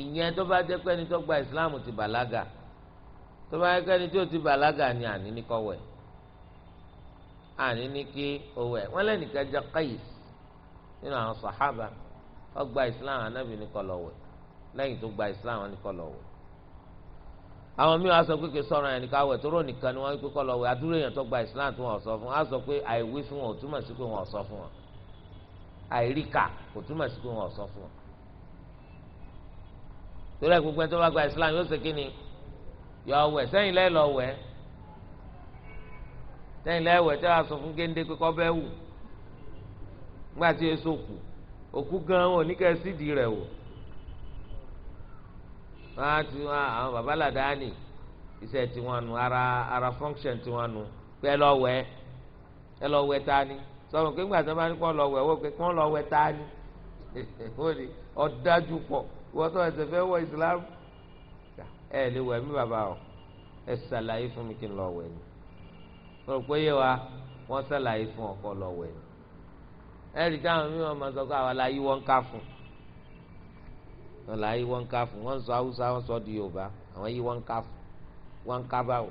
ìyẹn tó bá jẹ́ pé ẹni tó gba islam ti bàlágà tó bá jẹ́ pé ẹni tó ti bàlágà ni àní ni kó wẹ̀ àní ni kí ó wẹ̀ wọ́n lẹ́nìkan jẹ́ káyìsì. nínú àwọn sàhábà ó gba islam anabi ní kó lọ tó gba islam ní kó àwọn míì wá sọ pé kò sọ̀rọ̀ yẹn tóró nìkan ni wọ́n kó lọ wẹ̀ àdúró tó gba islam tó wọ́n sọ fún wa sọ pé àìwí fún wọn ò túmọ̀ sí pé wọ́n sọ fún wọn àìríkà kò túmọ̀ sí pé wọ́n sọ fún wọn torí ẹ gba islam yóò ni yọ wẹ lẹ lọ wẹ nígbà tí èso kù òkú gan wọn ò ní kẹ́ sídìí rẹ̀ wò wọn á ti wọn àwọn baba làdáni iṣẹ́ tiwọn nu ara ara function tiwọn nu pé ẹ lọ wẹ̀ ẹ lọ wẹ̀ ta ni sọ̀rọ̀ pé ńgbà tí wọ́n bá ní kọ́ lọ wẹ̀ wọ́n pé kọ́ lọ wẹ̀ ta ni ọ̀dájú pọ̀ wọ́n tó ẹsẹ̀ fẹ́ wọ Islam ẹ lè wẹ̀ mí bàbá o ẹ ṣàlàyé fún mi kí n lọ wẹ̀ ni sọ̀rọ̀ pé yé wa wọ́n ṣàlàyé fún ọkọ lọ wẹ̀ ni ẹ̀rí táwọn mímọ́ máa sọ pé àwọn aláyí wọ́n ń ká fún aláyí wọ́n ń ká fún wọ́n sọ haúsá wọ́n sọ di yorùbá àwọn yí wọ́n ń ká fún wọ́n ń ká báwò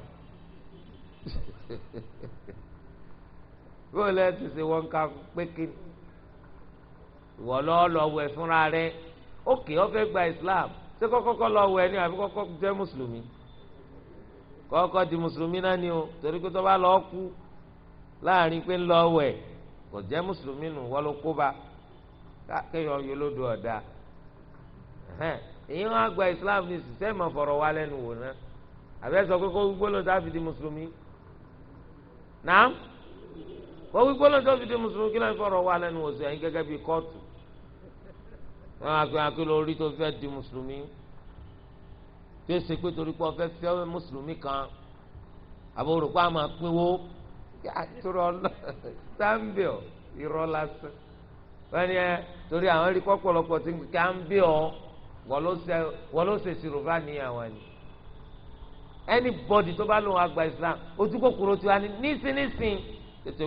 bóòlù ẹ̀ ti ṣe wọ́n ń ká fún pékè wọ́n lọ́ọ́ lọ wẹ̀ fúnra rẹ̀ ókè ó fẹ́ gba Islam ṣé kọ́kọ́kọ́ lọ wẹ̀ ni àbí kọ́kọ́ jẹ́ mùsùlùmí kọ́kọ́ di mùsùlùmí náà ni o torí pé tó bá lọ́ọ́ kú láàrin pé ń wẹ̀ kò jẹ́ mùsùlùmí nù wọ́n ló kó ba kéèyàn yọ lódò ọ̀dà èyí wọn àgbà islam ní sísẹ́ mọ̀ fọ̀rọ̀ wá lẹ́nu wò ná àbẹ́ sọ pé kó gbólóhùn tó fi di mùsùlùmí náà kó gbólóhùn tó fi di mùsùlùmí kí ló ń fọ̀rọ̀ wá lẹ́nu wò sí ẹ̀yin gẹ́gẹ́ bíi kóòtù wọn àgbẹ̀ àkìlọ̀ orí tó fẹ́ di mùsùlùmí tí ó ṣe pé torí pé ọ fẹ́ fẹ́ mùsùlùmí kan àbúrò pé a máa àtúrọ̀ sáńbíọ̀ irọ́ wọ́n ní ẹ torí àwọn rí kọ́pọ̀lọpọ̀ tí káńbíọ̀ wọ́n ló ṣe ṣìròfà níyàwó ni anybody tó bá lóun àgbà Islam ojú kòkòrò tiwa ní nísinsìnyí tètè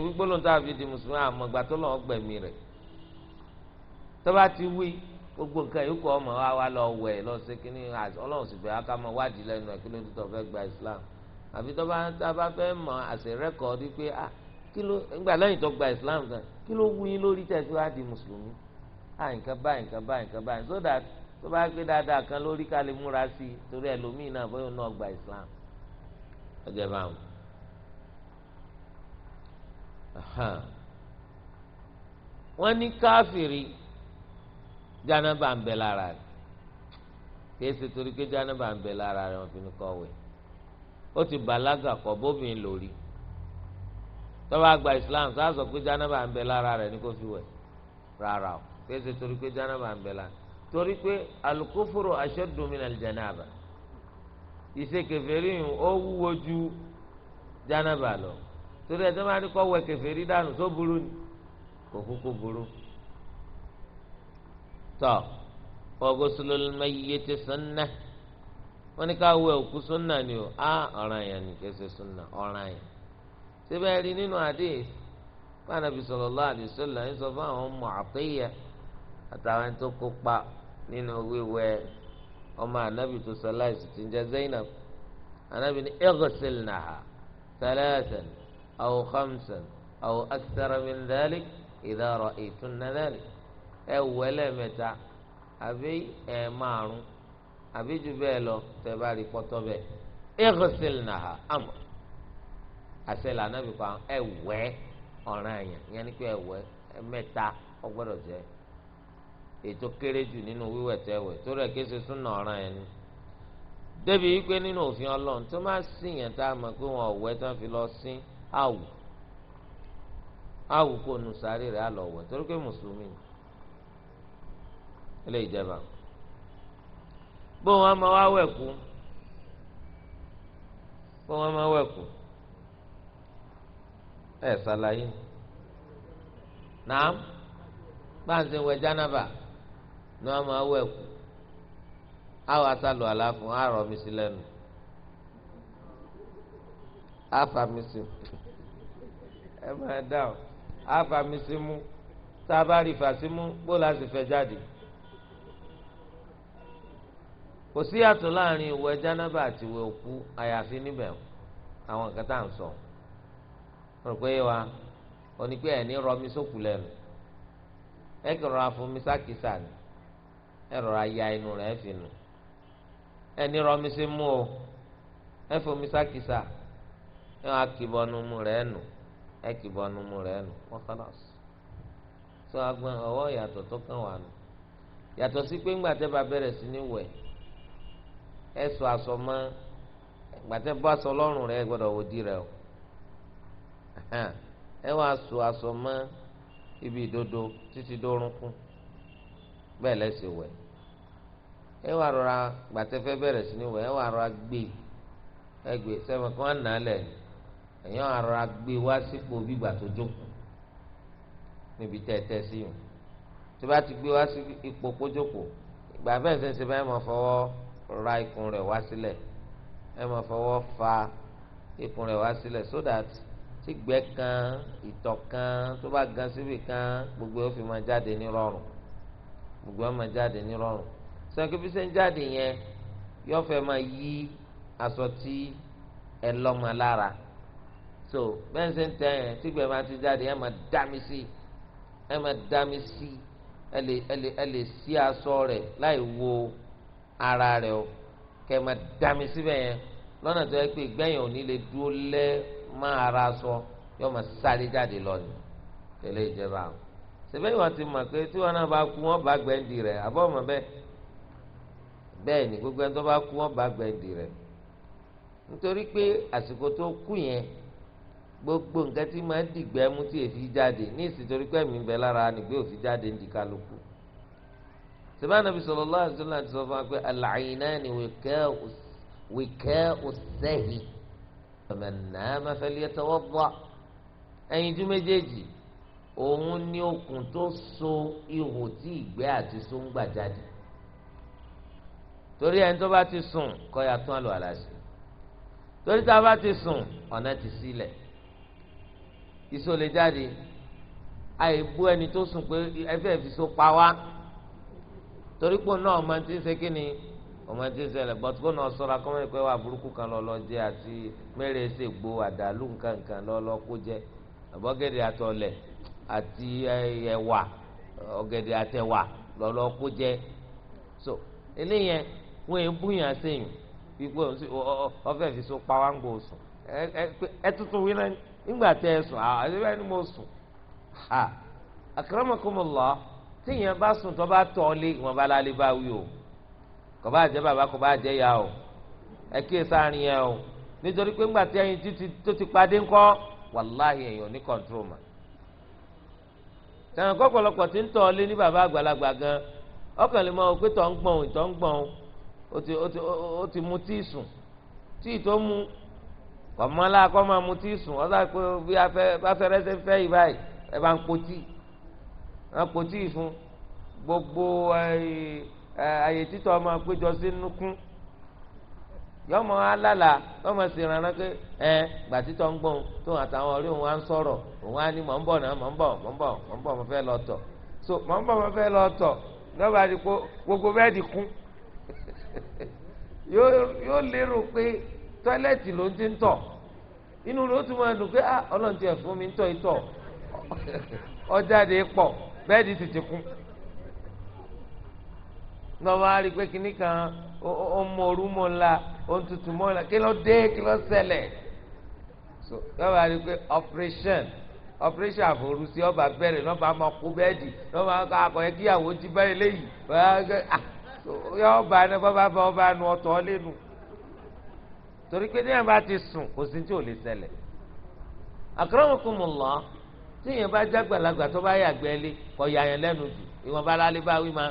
fi di mùsùlùmí tó lọ́wọ́ gbẹ̀mí rẹ̀ ti wí gbogbo nǹkan ọmọ wa wa lọ wẹ̀ lọ sí kínní ọlọ́run sì bẹ̀rẹ̀ ká mọ gba Islam. àfi tó bá tá a bá fẹ́ mọ̀ àṣẹ rẹ́kọ̀ọ́dì pé à ah, kí ló ńgbà lẹ́yìn tó gba islam gan kí ló wú yín lórí tẹ̀sí wá di mùsùlùmí à ah, nǹkan báyìí nǹkan báyìí nǹkan báyìí so that tó bá gbé dáadáa kan lórí ká lè múra sí i torí ẹlòmíì náà bóyá náà gba islam ọjọ́ báwọn. wọ́n ní káfìrí jánábà ń bẹ lára rẹ̀ kí ẹ ṣe torí pé jánábà ń bẹ lára rẹ̀ wọ́n fi ní kọ́ wẹ̀ ó ti bàlágà kọ bóbìnrin lórí tọ́ba gba islam sáà sọ pé jánábà ń bẹ lára rẹ̀ ní kó fi wẹ̀ rárá o kéésì torí pé jánábà ń bẹ lára torí pé alukófóró ashaddu min aljanaba ìṣe kèfèrí yìí ó wúwo ju jánábà lọ torí ẹ̀ tọ́ba ní kọ́ wẹ̀ kèfèrí dànù tó burú ni kò kúkú burú tọ́ wa ghuslul mayyiti sunnah. wọ́n ní ká wẹ òkú sunna ni o á ọ̀ràn yẹn ni kẹsẹ̀ sunna ọ̀ràn yẹn síbẹ̀ rí nínú hadith fanabi sallallahu alaihi sọlọ ń sọ fún àwọn ọmọ àpéyẹ àtàwọn ẹni tó kópa nínú wíwẹ ọmọ anabi tó sọ láìsí tí ń jẹ Zainab anabi ní ighsilnaha nàá aw àwọ aw àwọ min dhalik idha ra'aytunna dhalik ẹ wẹlẹ mẹ́ta àbí ẹ márùn àbí jù bẹ́ẹ̀ lọ tẹ bá rí pọ́tọ́ bẹ́ẹ̀ ighsilnaha amọ̀ àṣẹ lànà bí pa ẹ ọ̀ràn àyàn ìyẹn ni pé ẹ mẹ́ta ọgbọ́dọ̀ jẹ́ ètò kéré jù nínú wíwẹ̀ tẹ́ wẹ̀ tó rẹ̀ kése súnà ọ̀ràn yẹn ni débi wípé nínú òfin ọlọ́run tó máa sìn yẹn tá a mùsùlùmí bó wọn máa wá wẹ̀kú bó wọn máa wẹ̀kú ẹ ṣàlàyé nàám báńsì wẹ jánàbà ni wọn máa wẹ̀kú àwọn asálù àlàfún àrọ mi sí lẹ́nu àfà mi sí ẹ máa dá o àfà mi sí mú tá a bá rí fàṣímú bó la sì fẹ́ jáde. kò sí àtò láàrin ìwẹ̀ jánábà àti ìwẹ̀ òkú àyàfi níbẹ̀ àwọn nǹkan tá à ń sọ rò pé wa òní pé ẹ̀ ní rọmi sókù lẹ́nu ẹ kì rọra fún mi sákìsà ni ẹ rọra ya inú rẹ fi nù ẹ ní rọmi sí mú o ẹ fún mi sákìsà ẹ wá mu nù ẹ mu nù kọ́ náà sọ agbọn ọwọ́ tó kàn wà nù yàtọ̀ sí pé ẹ sọ aṣọ mọ́ gbàtẹ́ bọ́ aṣọ rẹ gbọdọ wò di rẹ o ẹ wàá sọ ibi ìdodo títí dórúnkún bẹ́ẹ̀ si wẹ̀ ẹ wàá rọra gbàtẹ́ fẹ́ sí ni wẹ̀ ẹ wàá rọra gbé ẹ gbé kí wọ́n nà á lẹ̀ gbé wá sípò tó jókòó níbi sí ti gbé wá sí ipò kó ìgbà ra ikùn rẹ̀ wá sílẹ̀ ẹ máa fọwọ́ fa ikùn rẹ̀ wá sílẹ̀ so that tí gbẹ́ kan ìtọ̀ kan tó bá gan síbi kan gbogbo ó fi máa jáde ní rọrùn gbogbo ó máa jáde ní rọrùn sọ́kí bí ṣe ń jáde yẹn yóò fẹ́ máa yí aṣọ tí ẹ lọ́mọ lára so bẹ́ẹ̀ ṣe ń tẹ ẹ̀ tí gbẹ̀ máa ti jáde ẹ máa dá mi sí ẹ máa dá mi sí ẹ lè ẹ lè ẹ lè sí aṣọ rẹ̀ láì wo ara rẹ̀ o kẹ́ ẹ dami síbẹ̀ yẹn lọ́nà tó yẹ pé gbẹ̀yìn òní lè dúró lẹ́ máa ara sọ yóò máa sáré jáde lọ ni tẹ̀lé ìjẹba àwọn. sẹ́fẹ̀yìn wọn ti mọ̀ pé tí wọn náà bá kú wọn bá gbẹ̀ǹdì rẹ̀ àbọ̀ mọ̀ bẹ́ẹ̀ bẹ́ẹ̀ ni gbogbo ẹni tó bá kú wọn bá gbẹ̀ǹdì rẹ̀ nítorí pé àsìkò tó kú yẹn gbogbo nǹkan tí máa ń dìgbẹ́ mú tí èéfì jáde ní ìsìtorí pé ẹ̀mí bẹ lára nìgbé òfì jáde ń di kálukú sèbá nàbì sallallahu alaihi wasallam ti sọ fún wa pé al-aynani wika'u as-sahi faman nama falyatawadda ẹyinjú méjèèjì òun ní okùn tó so ihò tí ìgbẹ́ àti sóńgbà jáde torí ẹni tó bá ti sùn kó tún àlọ́ àlàsì torí tá a bá ti sùn ọ̀nà ti sílẹ̀ ìsọ̀lẹ̀ jáde àìbú ẹni tó sùn pé ẹfẹ́ fi so pa wá. torí pò náà ọmọ tí ń ṣe kí ni ọmọ tí ń ṣẹlẹ̀ bọ́tú pò náà sọ̀rọ̀ akọ́mọ́ ìpẹ́ wà burúkú kan lọ́lọ́ jẹ́ àti mẹ́rẹ̀ ṣe gbó àdàlù lọ́lọ́ kó jẹ́ àti ẹ̀wà ọ̀gẹ̀dẹ̀ àtẹ̀wà lọ́lọ́ kó jẹ́ so eléyẹn wọ́n ń búyàn sẹ́yìn wípé ọ̀fẹ́ fi tí èèyàn bá sùn tó bá tọ̀ ọ́ lé ìwọ̀n bá lálé bá wí o kò bá jẹ́ bàbá kò bá jẹ́ ya o ẹ kíyè sáárín yẹn o nítorí pé ńgbà tí ẹyin tó ti padé ńkọ́ wàláhì èèyàn ní kọ̀ǹtró mà tẹ̀wọ̀n kọ́pọ̀lọpọ̀ tí ń tọ̀ lé ní bàbá àgbàlagbà gan ọkàn lè mọ o tọ̀ ń gbọ̀n ìtọ̀ ń gbọ̀n o ti mu tíì sùn tíì tó mu kọ̀mọ́lá kọ́ máa mu tíì sùn ọ́ wọn kò fún gbogbo àyè eh, eh, títọ́ ọmọ péjọ sí nukún yọmọ alala yọmọ sì pé ẹ gbà ń gbọ́n tó àtàwọn ọ̀rẹ́ òun á ń sọ̀rọ̀ òun á ní mọ̀ ń bọ̀ náà ń ń ń lọ so ń lọ gbogbo di yóò lérò pé tọ́lẹ́tì ló ti ń tọ̀ inú ló tún máa dùn pé ah, ọlọ́run bẹ́ẹ̀dì sì ti kún lọ́wọ́ á rí i pé kinní kan ó mọ orú mọ́ ńlá ó ń tutù mọ́ ńlá kí ló dé kí ló ṣẹlẹ̀ so lọ́wọ́ á rí i pé operation operation àforúsí ọba bẹ̀rẹ̀ lọ́ba á máa kó bẹ́ẹ̀dì lọ́ba akọ̀yẹ́ kíyàwó ti bá eléyìí yọ ọba ni bọ́ba bá ọba nu ọ̀tọ̀ lẹ́nu torí pé ní ẹ̀ bá ti sùn kò sí tí ò lè ṣẹlẹ̀ akramakumullah tí èèyàn bá jágbàlagbà tó bá yàgbẹ́ lé kọ yà yẹn lẹ́nu jù ìwọ̀n bá bá wí máa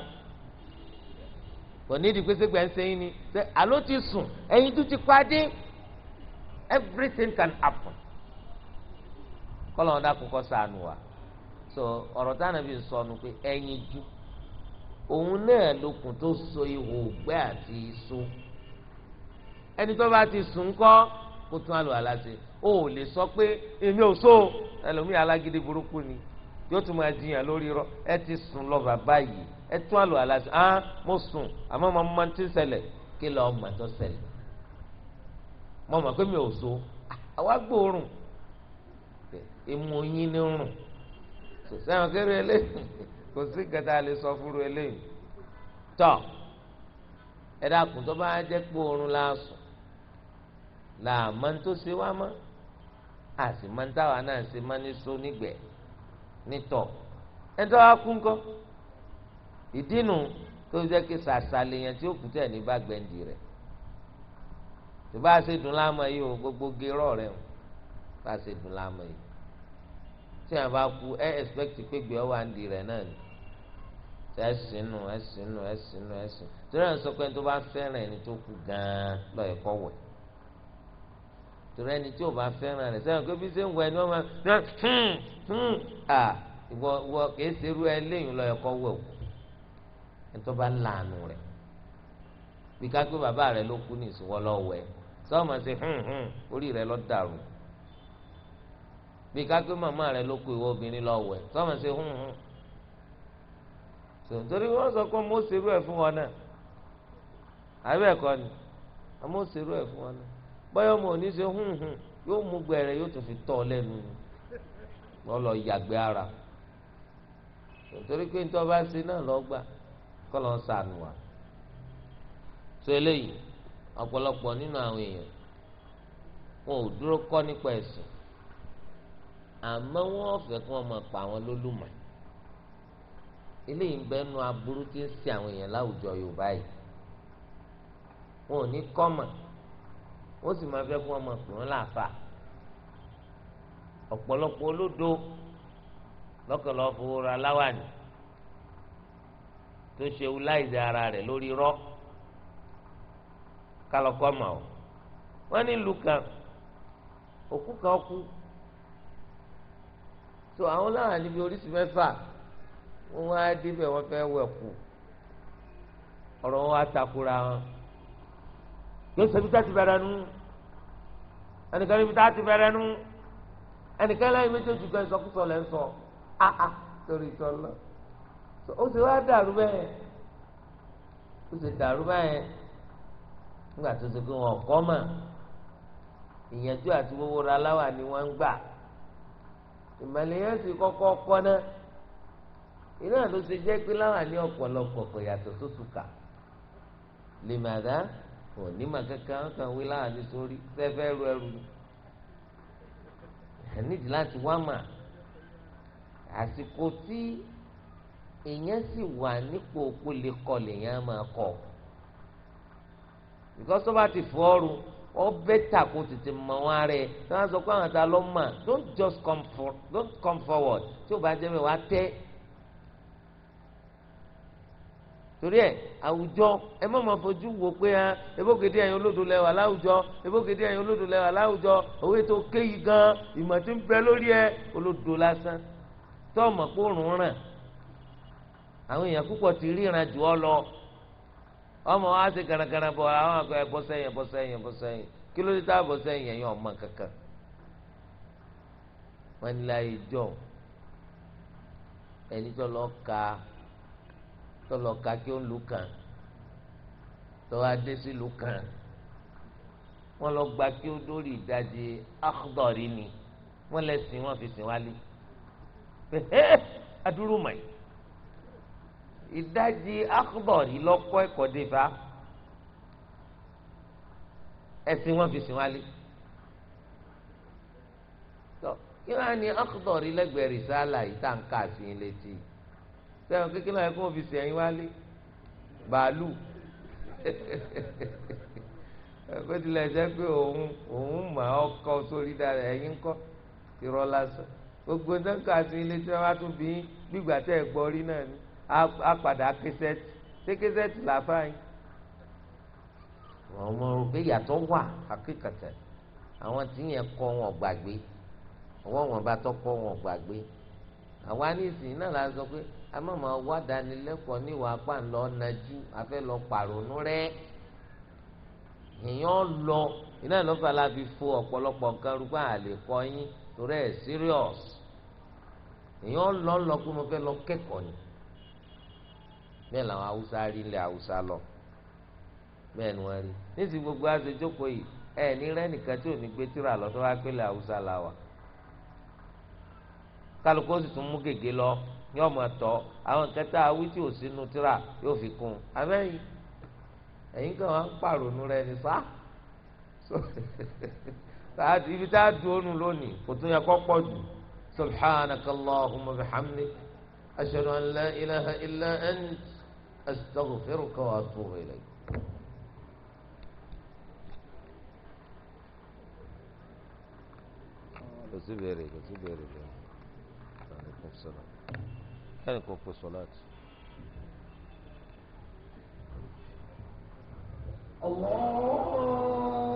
kò ní ìdí pèsè gbẹ̀nsẹ̀ yín ni ṣe àló ti sùn ẹ̀yin tó ti pàdé everything can happen kọ́lọ́ọ̀dà kọ́kọ́ sànù wa so ọ̀rọ̀ táwọn ẹbí sọnù pé ẹ̀yin jù òun náà lókun tó so ihò ògbẹ́ àti iṣu ẹni tó bá ti sùn kọ́ kó tún àlò aláṣẹ o ò lè sọ pé èmi ò so ẹlòmíì alágídí burúkú ni yóò tún máa jiyàn lórí irọ́ ẹ ti sùn lọ bàbá ẹ tún àlò aláṣẹ ah mo sùn àmọ́ mo máa ń tí ṣẹlẹ̀ kí lọ́ọ́ mà tó ṣẹlẹ̀ mo mọ̀ pé mi ò so àwa gbóòórùn èmu oyin ni ń rùn sẹ́wọ̀n kéré eléyìí kò sí gẹ́gẹ́ lè sọ fúru eléyìí tọ́ ẹ dákun tó bá jẹ́ pé oorun la là máa ń tó ṣe wá mọ́ a sì máa ń táwa náà ṣe máa ní so nígbẹ̀ nítọ̀ ẹjọ́ wa kú ńkọ́ ìdínú tó jẹ́ kí sàṣàlẹ̀ yẹn tí ó kù tẹ̀ ní bá gbẹ̀ǹdì rẹ̀ tó bá ṣe dùn láàmú yìí o gbogbo gerọ́ rẹ̀ o bá ṣe dùn láàmú yìí tí a bá kú ẹ expect pé ọwọ́ àǹdí rẹ̀ náà ni ẹsìn nù ẹsìn nù ẹsìn nù ẹsìn torí àwọn sọ pé tó bá fẹ́ràn ẹni tó kú gan-an lọ́ọ̀ẹ́kọ́ wẹ̀ torí ẹni tí o bá fẹ́ràn rẹ̀ sẹ́yìn pé bí ṣe ń wọ ẹni wọ́n máa hùn hùn hmm, hmm. à ìwọ ìwọ kìí ṣerú ẹ léyìn lọ́yọ̀ kọ́ wọ̀ o ẹni tó bá lànà rẹ̀ bí ká pé bàbá rẹ̀ ló kú ní ìsìnwọ́ lọ́wọ́ ẹ sọ́ọ̀mà ṣe hùn hmm, hùn orí rẹ̀ lọ́ dàrú bí ká pé màmá rẹ̀ ló kú ìwọ obìnrin lọ́wọ́ ẹ sọ́ọ̀mà ṣe hùn hùn torí wọ́n sọ pé mo ṣerú ẹ fún wọn náà àbí fún wọn náà bọ́yọ̀ ọmọ òní ṣe hun hùn yóò mú gbẹ̀rẹ̀ yóò tún fi tọ́ lẹ́nu wọ́n yàgbẹ́ ara nítorí pé nítorí bá ṣe náà lọ gbà kọ́ lọ́n sànù wa tó eléyìí ọ̀pọ̀lọpọ̀ nínú àwọn èèyàn wọn ò dúró kọ́ nípa ẹ̀sìn àmọ́ pa àwọn lólùmọ̀ eléyìí ń aburú tí ń sin àwọn èèyàn láwùjọ Yorùbá wọn ò ní kọ́ wọ́n sì máa fẹ́ kó wọn máa pè wọ́n láàfà ọ̀pọ̀lọpọ̀ olódo lọ́kànlọ́ fowó ra láwàní tó ṣe wúláìsì ara rẹ̀ lórí rọ́ kálọ̀kọ́ mà ó wọ́n ní ìlú kan òkú kan kú tó àwọn láwọn níbi oríṣi mẹ́fà wọ́n wá débẹ̀ wọ́n fẹ́ wẹ̀ kú ọ̀rọ̀ wọn á takora wọn kìí ṣe bí tá ti bẹ̀rẹ̀ nu ẹnìkan níbi tá ti bẹ̀rẹ̀ nu ẹnìkan lẹ́yìn méjèèjì gan ìsọkúsọ lẹ́ ń sọ áá ah, sórí ah, ìtọ́lọ́ ó ti wá dàrú bẹ́ẹ̀ ó ti dàrú báyẹn nígbà tó ṣe pé wọn kọ́ mọ̀ ìyànjú àti wọ́wọ́ ra láwà ni wọ́n ń gbà ìmọ̀lẹ̀ yẹn sì kọ́kọ́ kọ́ náà iná ló ṣe jẹ́ pé láwà ní ọ̀pọ̀lọpọ̀ kò tó tù kà lè màdá onímọ̀ kankan kan wí láàbí sórí sẹ́fẹ́ ru ẹrù ẹ̀ nídìí láti wá mà àsìkò tí èèyàn sì wà nípò òpó lè kọ lèèyàn máa kọ because tó bá ti fọ ọrùn ọ bẹ́tà kó tètè mọ wọn rẹ tí wọ́n sọ pé àwọn ta ló mà don't just come, for, don't come forward tí ò bá jẹ́ mi wá tẹ́. torí ẹ àwùjọ ẹ má máa fojú wo pé ẹ ah, ebógede ẹyin olódò lẹwà láwùjọ ebógede ẹyin olódò lẹwà láwùjọ òwe tó kéyìí gan ìmọ̀ tí ń bẹ lórí ẹ olódò lásán tó ọmọ pé òrùn ràn àwọn èèyàn púpọ̀ ti ríran jù ọ lọ ọmọ wa ṣe garagara àwọn àgbà ẹ kí ló dé tá a bọ́ sẹ́yìn ẹ̀yìn ọmọ kankan wọn ni láyé jọ ẹni ka. tó lọ ka kí ó ń lu kàn tó wá dé sí lu kàn wọ́n lọ gba kí ó dórí ìdajì akhdari ni wọ́n lè sìn wọ́n fi sìn wálé adúrú mọ̀ yìí ìdajì akhdari lọ́kọ́ ẹ̀kọ́ dé fa ẹ̀sìn wọ́n fi sìn wálé kí wọ́n á ní akhdari lẹ́gbẹ̀ẹ́ rìsálà yìí tá à ń sí i létí sẹ́wọ̀n kékeré náà yẹ kó fi sẹ́yìn wálé bàálù kó tilẹ̀ jẹ́ pé òun òun mà ọkọ sórí dára ẹ̀yin kọ́ ti rọ́ lásán gbogbo nǹkan àti ilé tí wọ́n bá tún bí gbígbà tẹ́ ẹ̀ gbọ́ rí náà ni á padà késẹ́tì ṣé késẹ́tì làfáàyìn àwọn ọmọ pé yàtọ̀ wà akékàtà àwọn tí yẹn kọ́ wọn gbàgbé ọwọ́ wọn bá tọ́ kọ́ wọn gbàgbé àwa nísìnyí náà la sọ pé ama màá wá dánilẹ́kọ̀ọ́ níwà apá ńlọ nájú afẹ́ lọ pàrọ̀nù rẹ̀ èèyàn lọ iná ìlọ́fà la fi fo ọ̀pọ̀lọpọ̀ nǹkan rúgbà àlè yín torí ẹ̀ serious èèyàn lọ lọ pé mo fẹ́ lọ kẹ́kọ̀ọ́ ni bẹ́ẹ̀ làwọn haúsá rí ilẹ̀ haúsá lọ bẹ́ẹ̀ ni wọ́n rí nísìnyí gbogbo aṣojúkọ yìí ẹ̀ ní rẹ́nìkan tí ò ní gbé tíra lọ tó wá pé haúsá la wà sì tún mú gègé lọ. yóò máa tọ́ àwọn kẹta awi tí ò sí nu tíra yóò fi kún un abẹ́yìn ẹ̀yin kan wá ń pàrònú rẹ ní sá ibi tá a dùn ọ́nù lónìí kò tún yẹ kó pọ̀ jù subhanakallahumma bihamdik ashhadu an la ilaha illa ant astaghfiruka wa atubu ilayk. kò sí béèrè kò sí béèrè lẹ́yìn. kẹ́ni kò pè sọ́láàtì. Allah.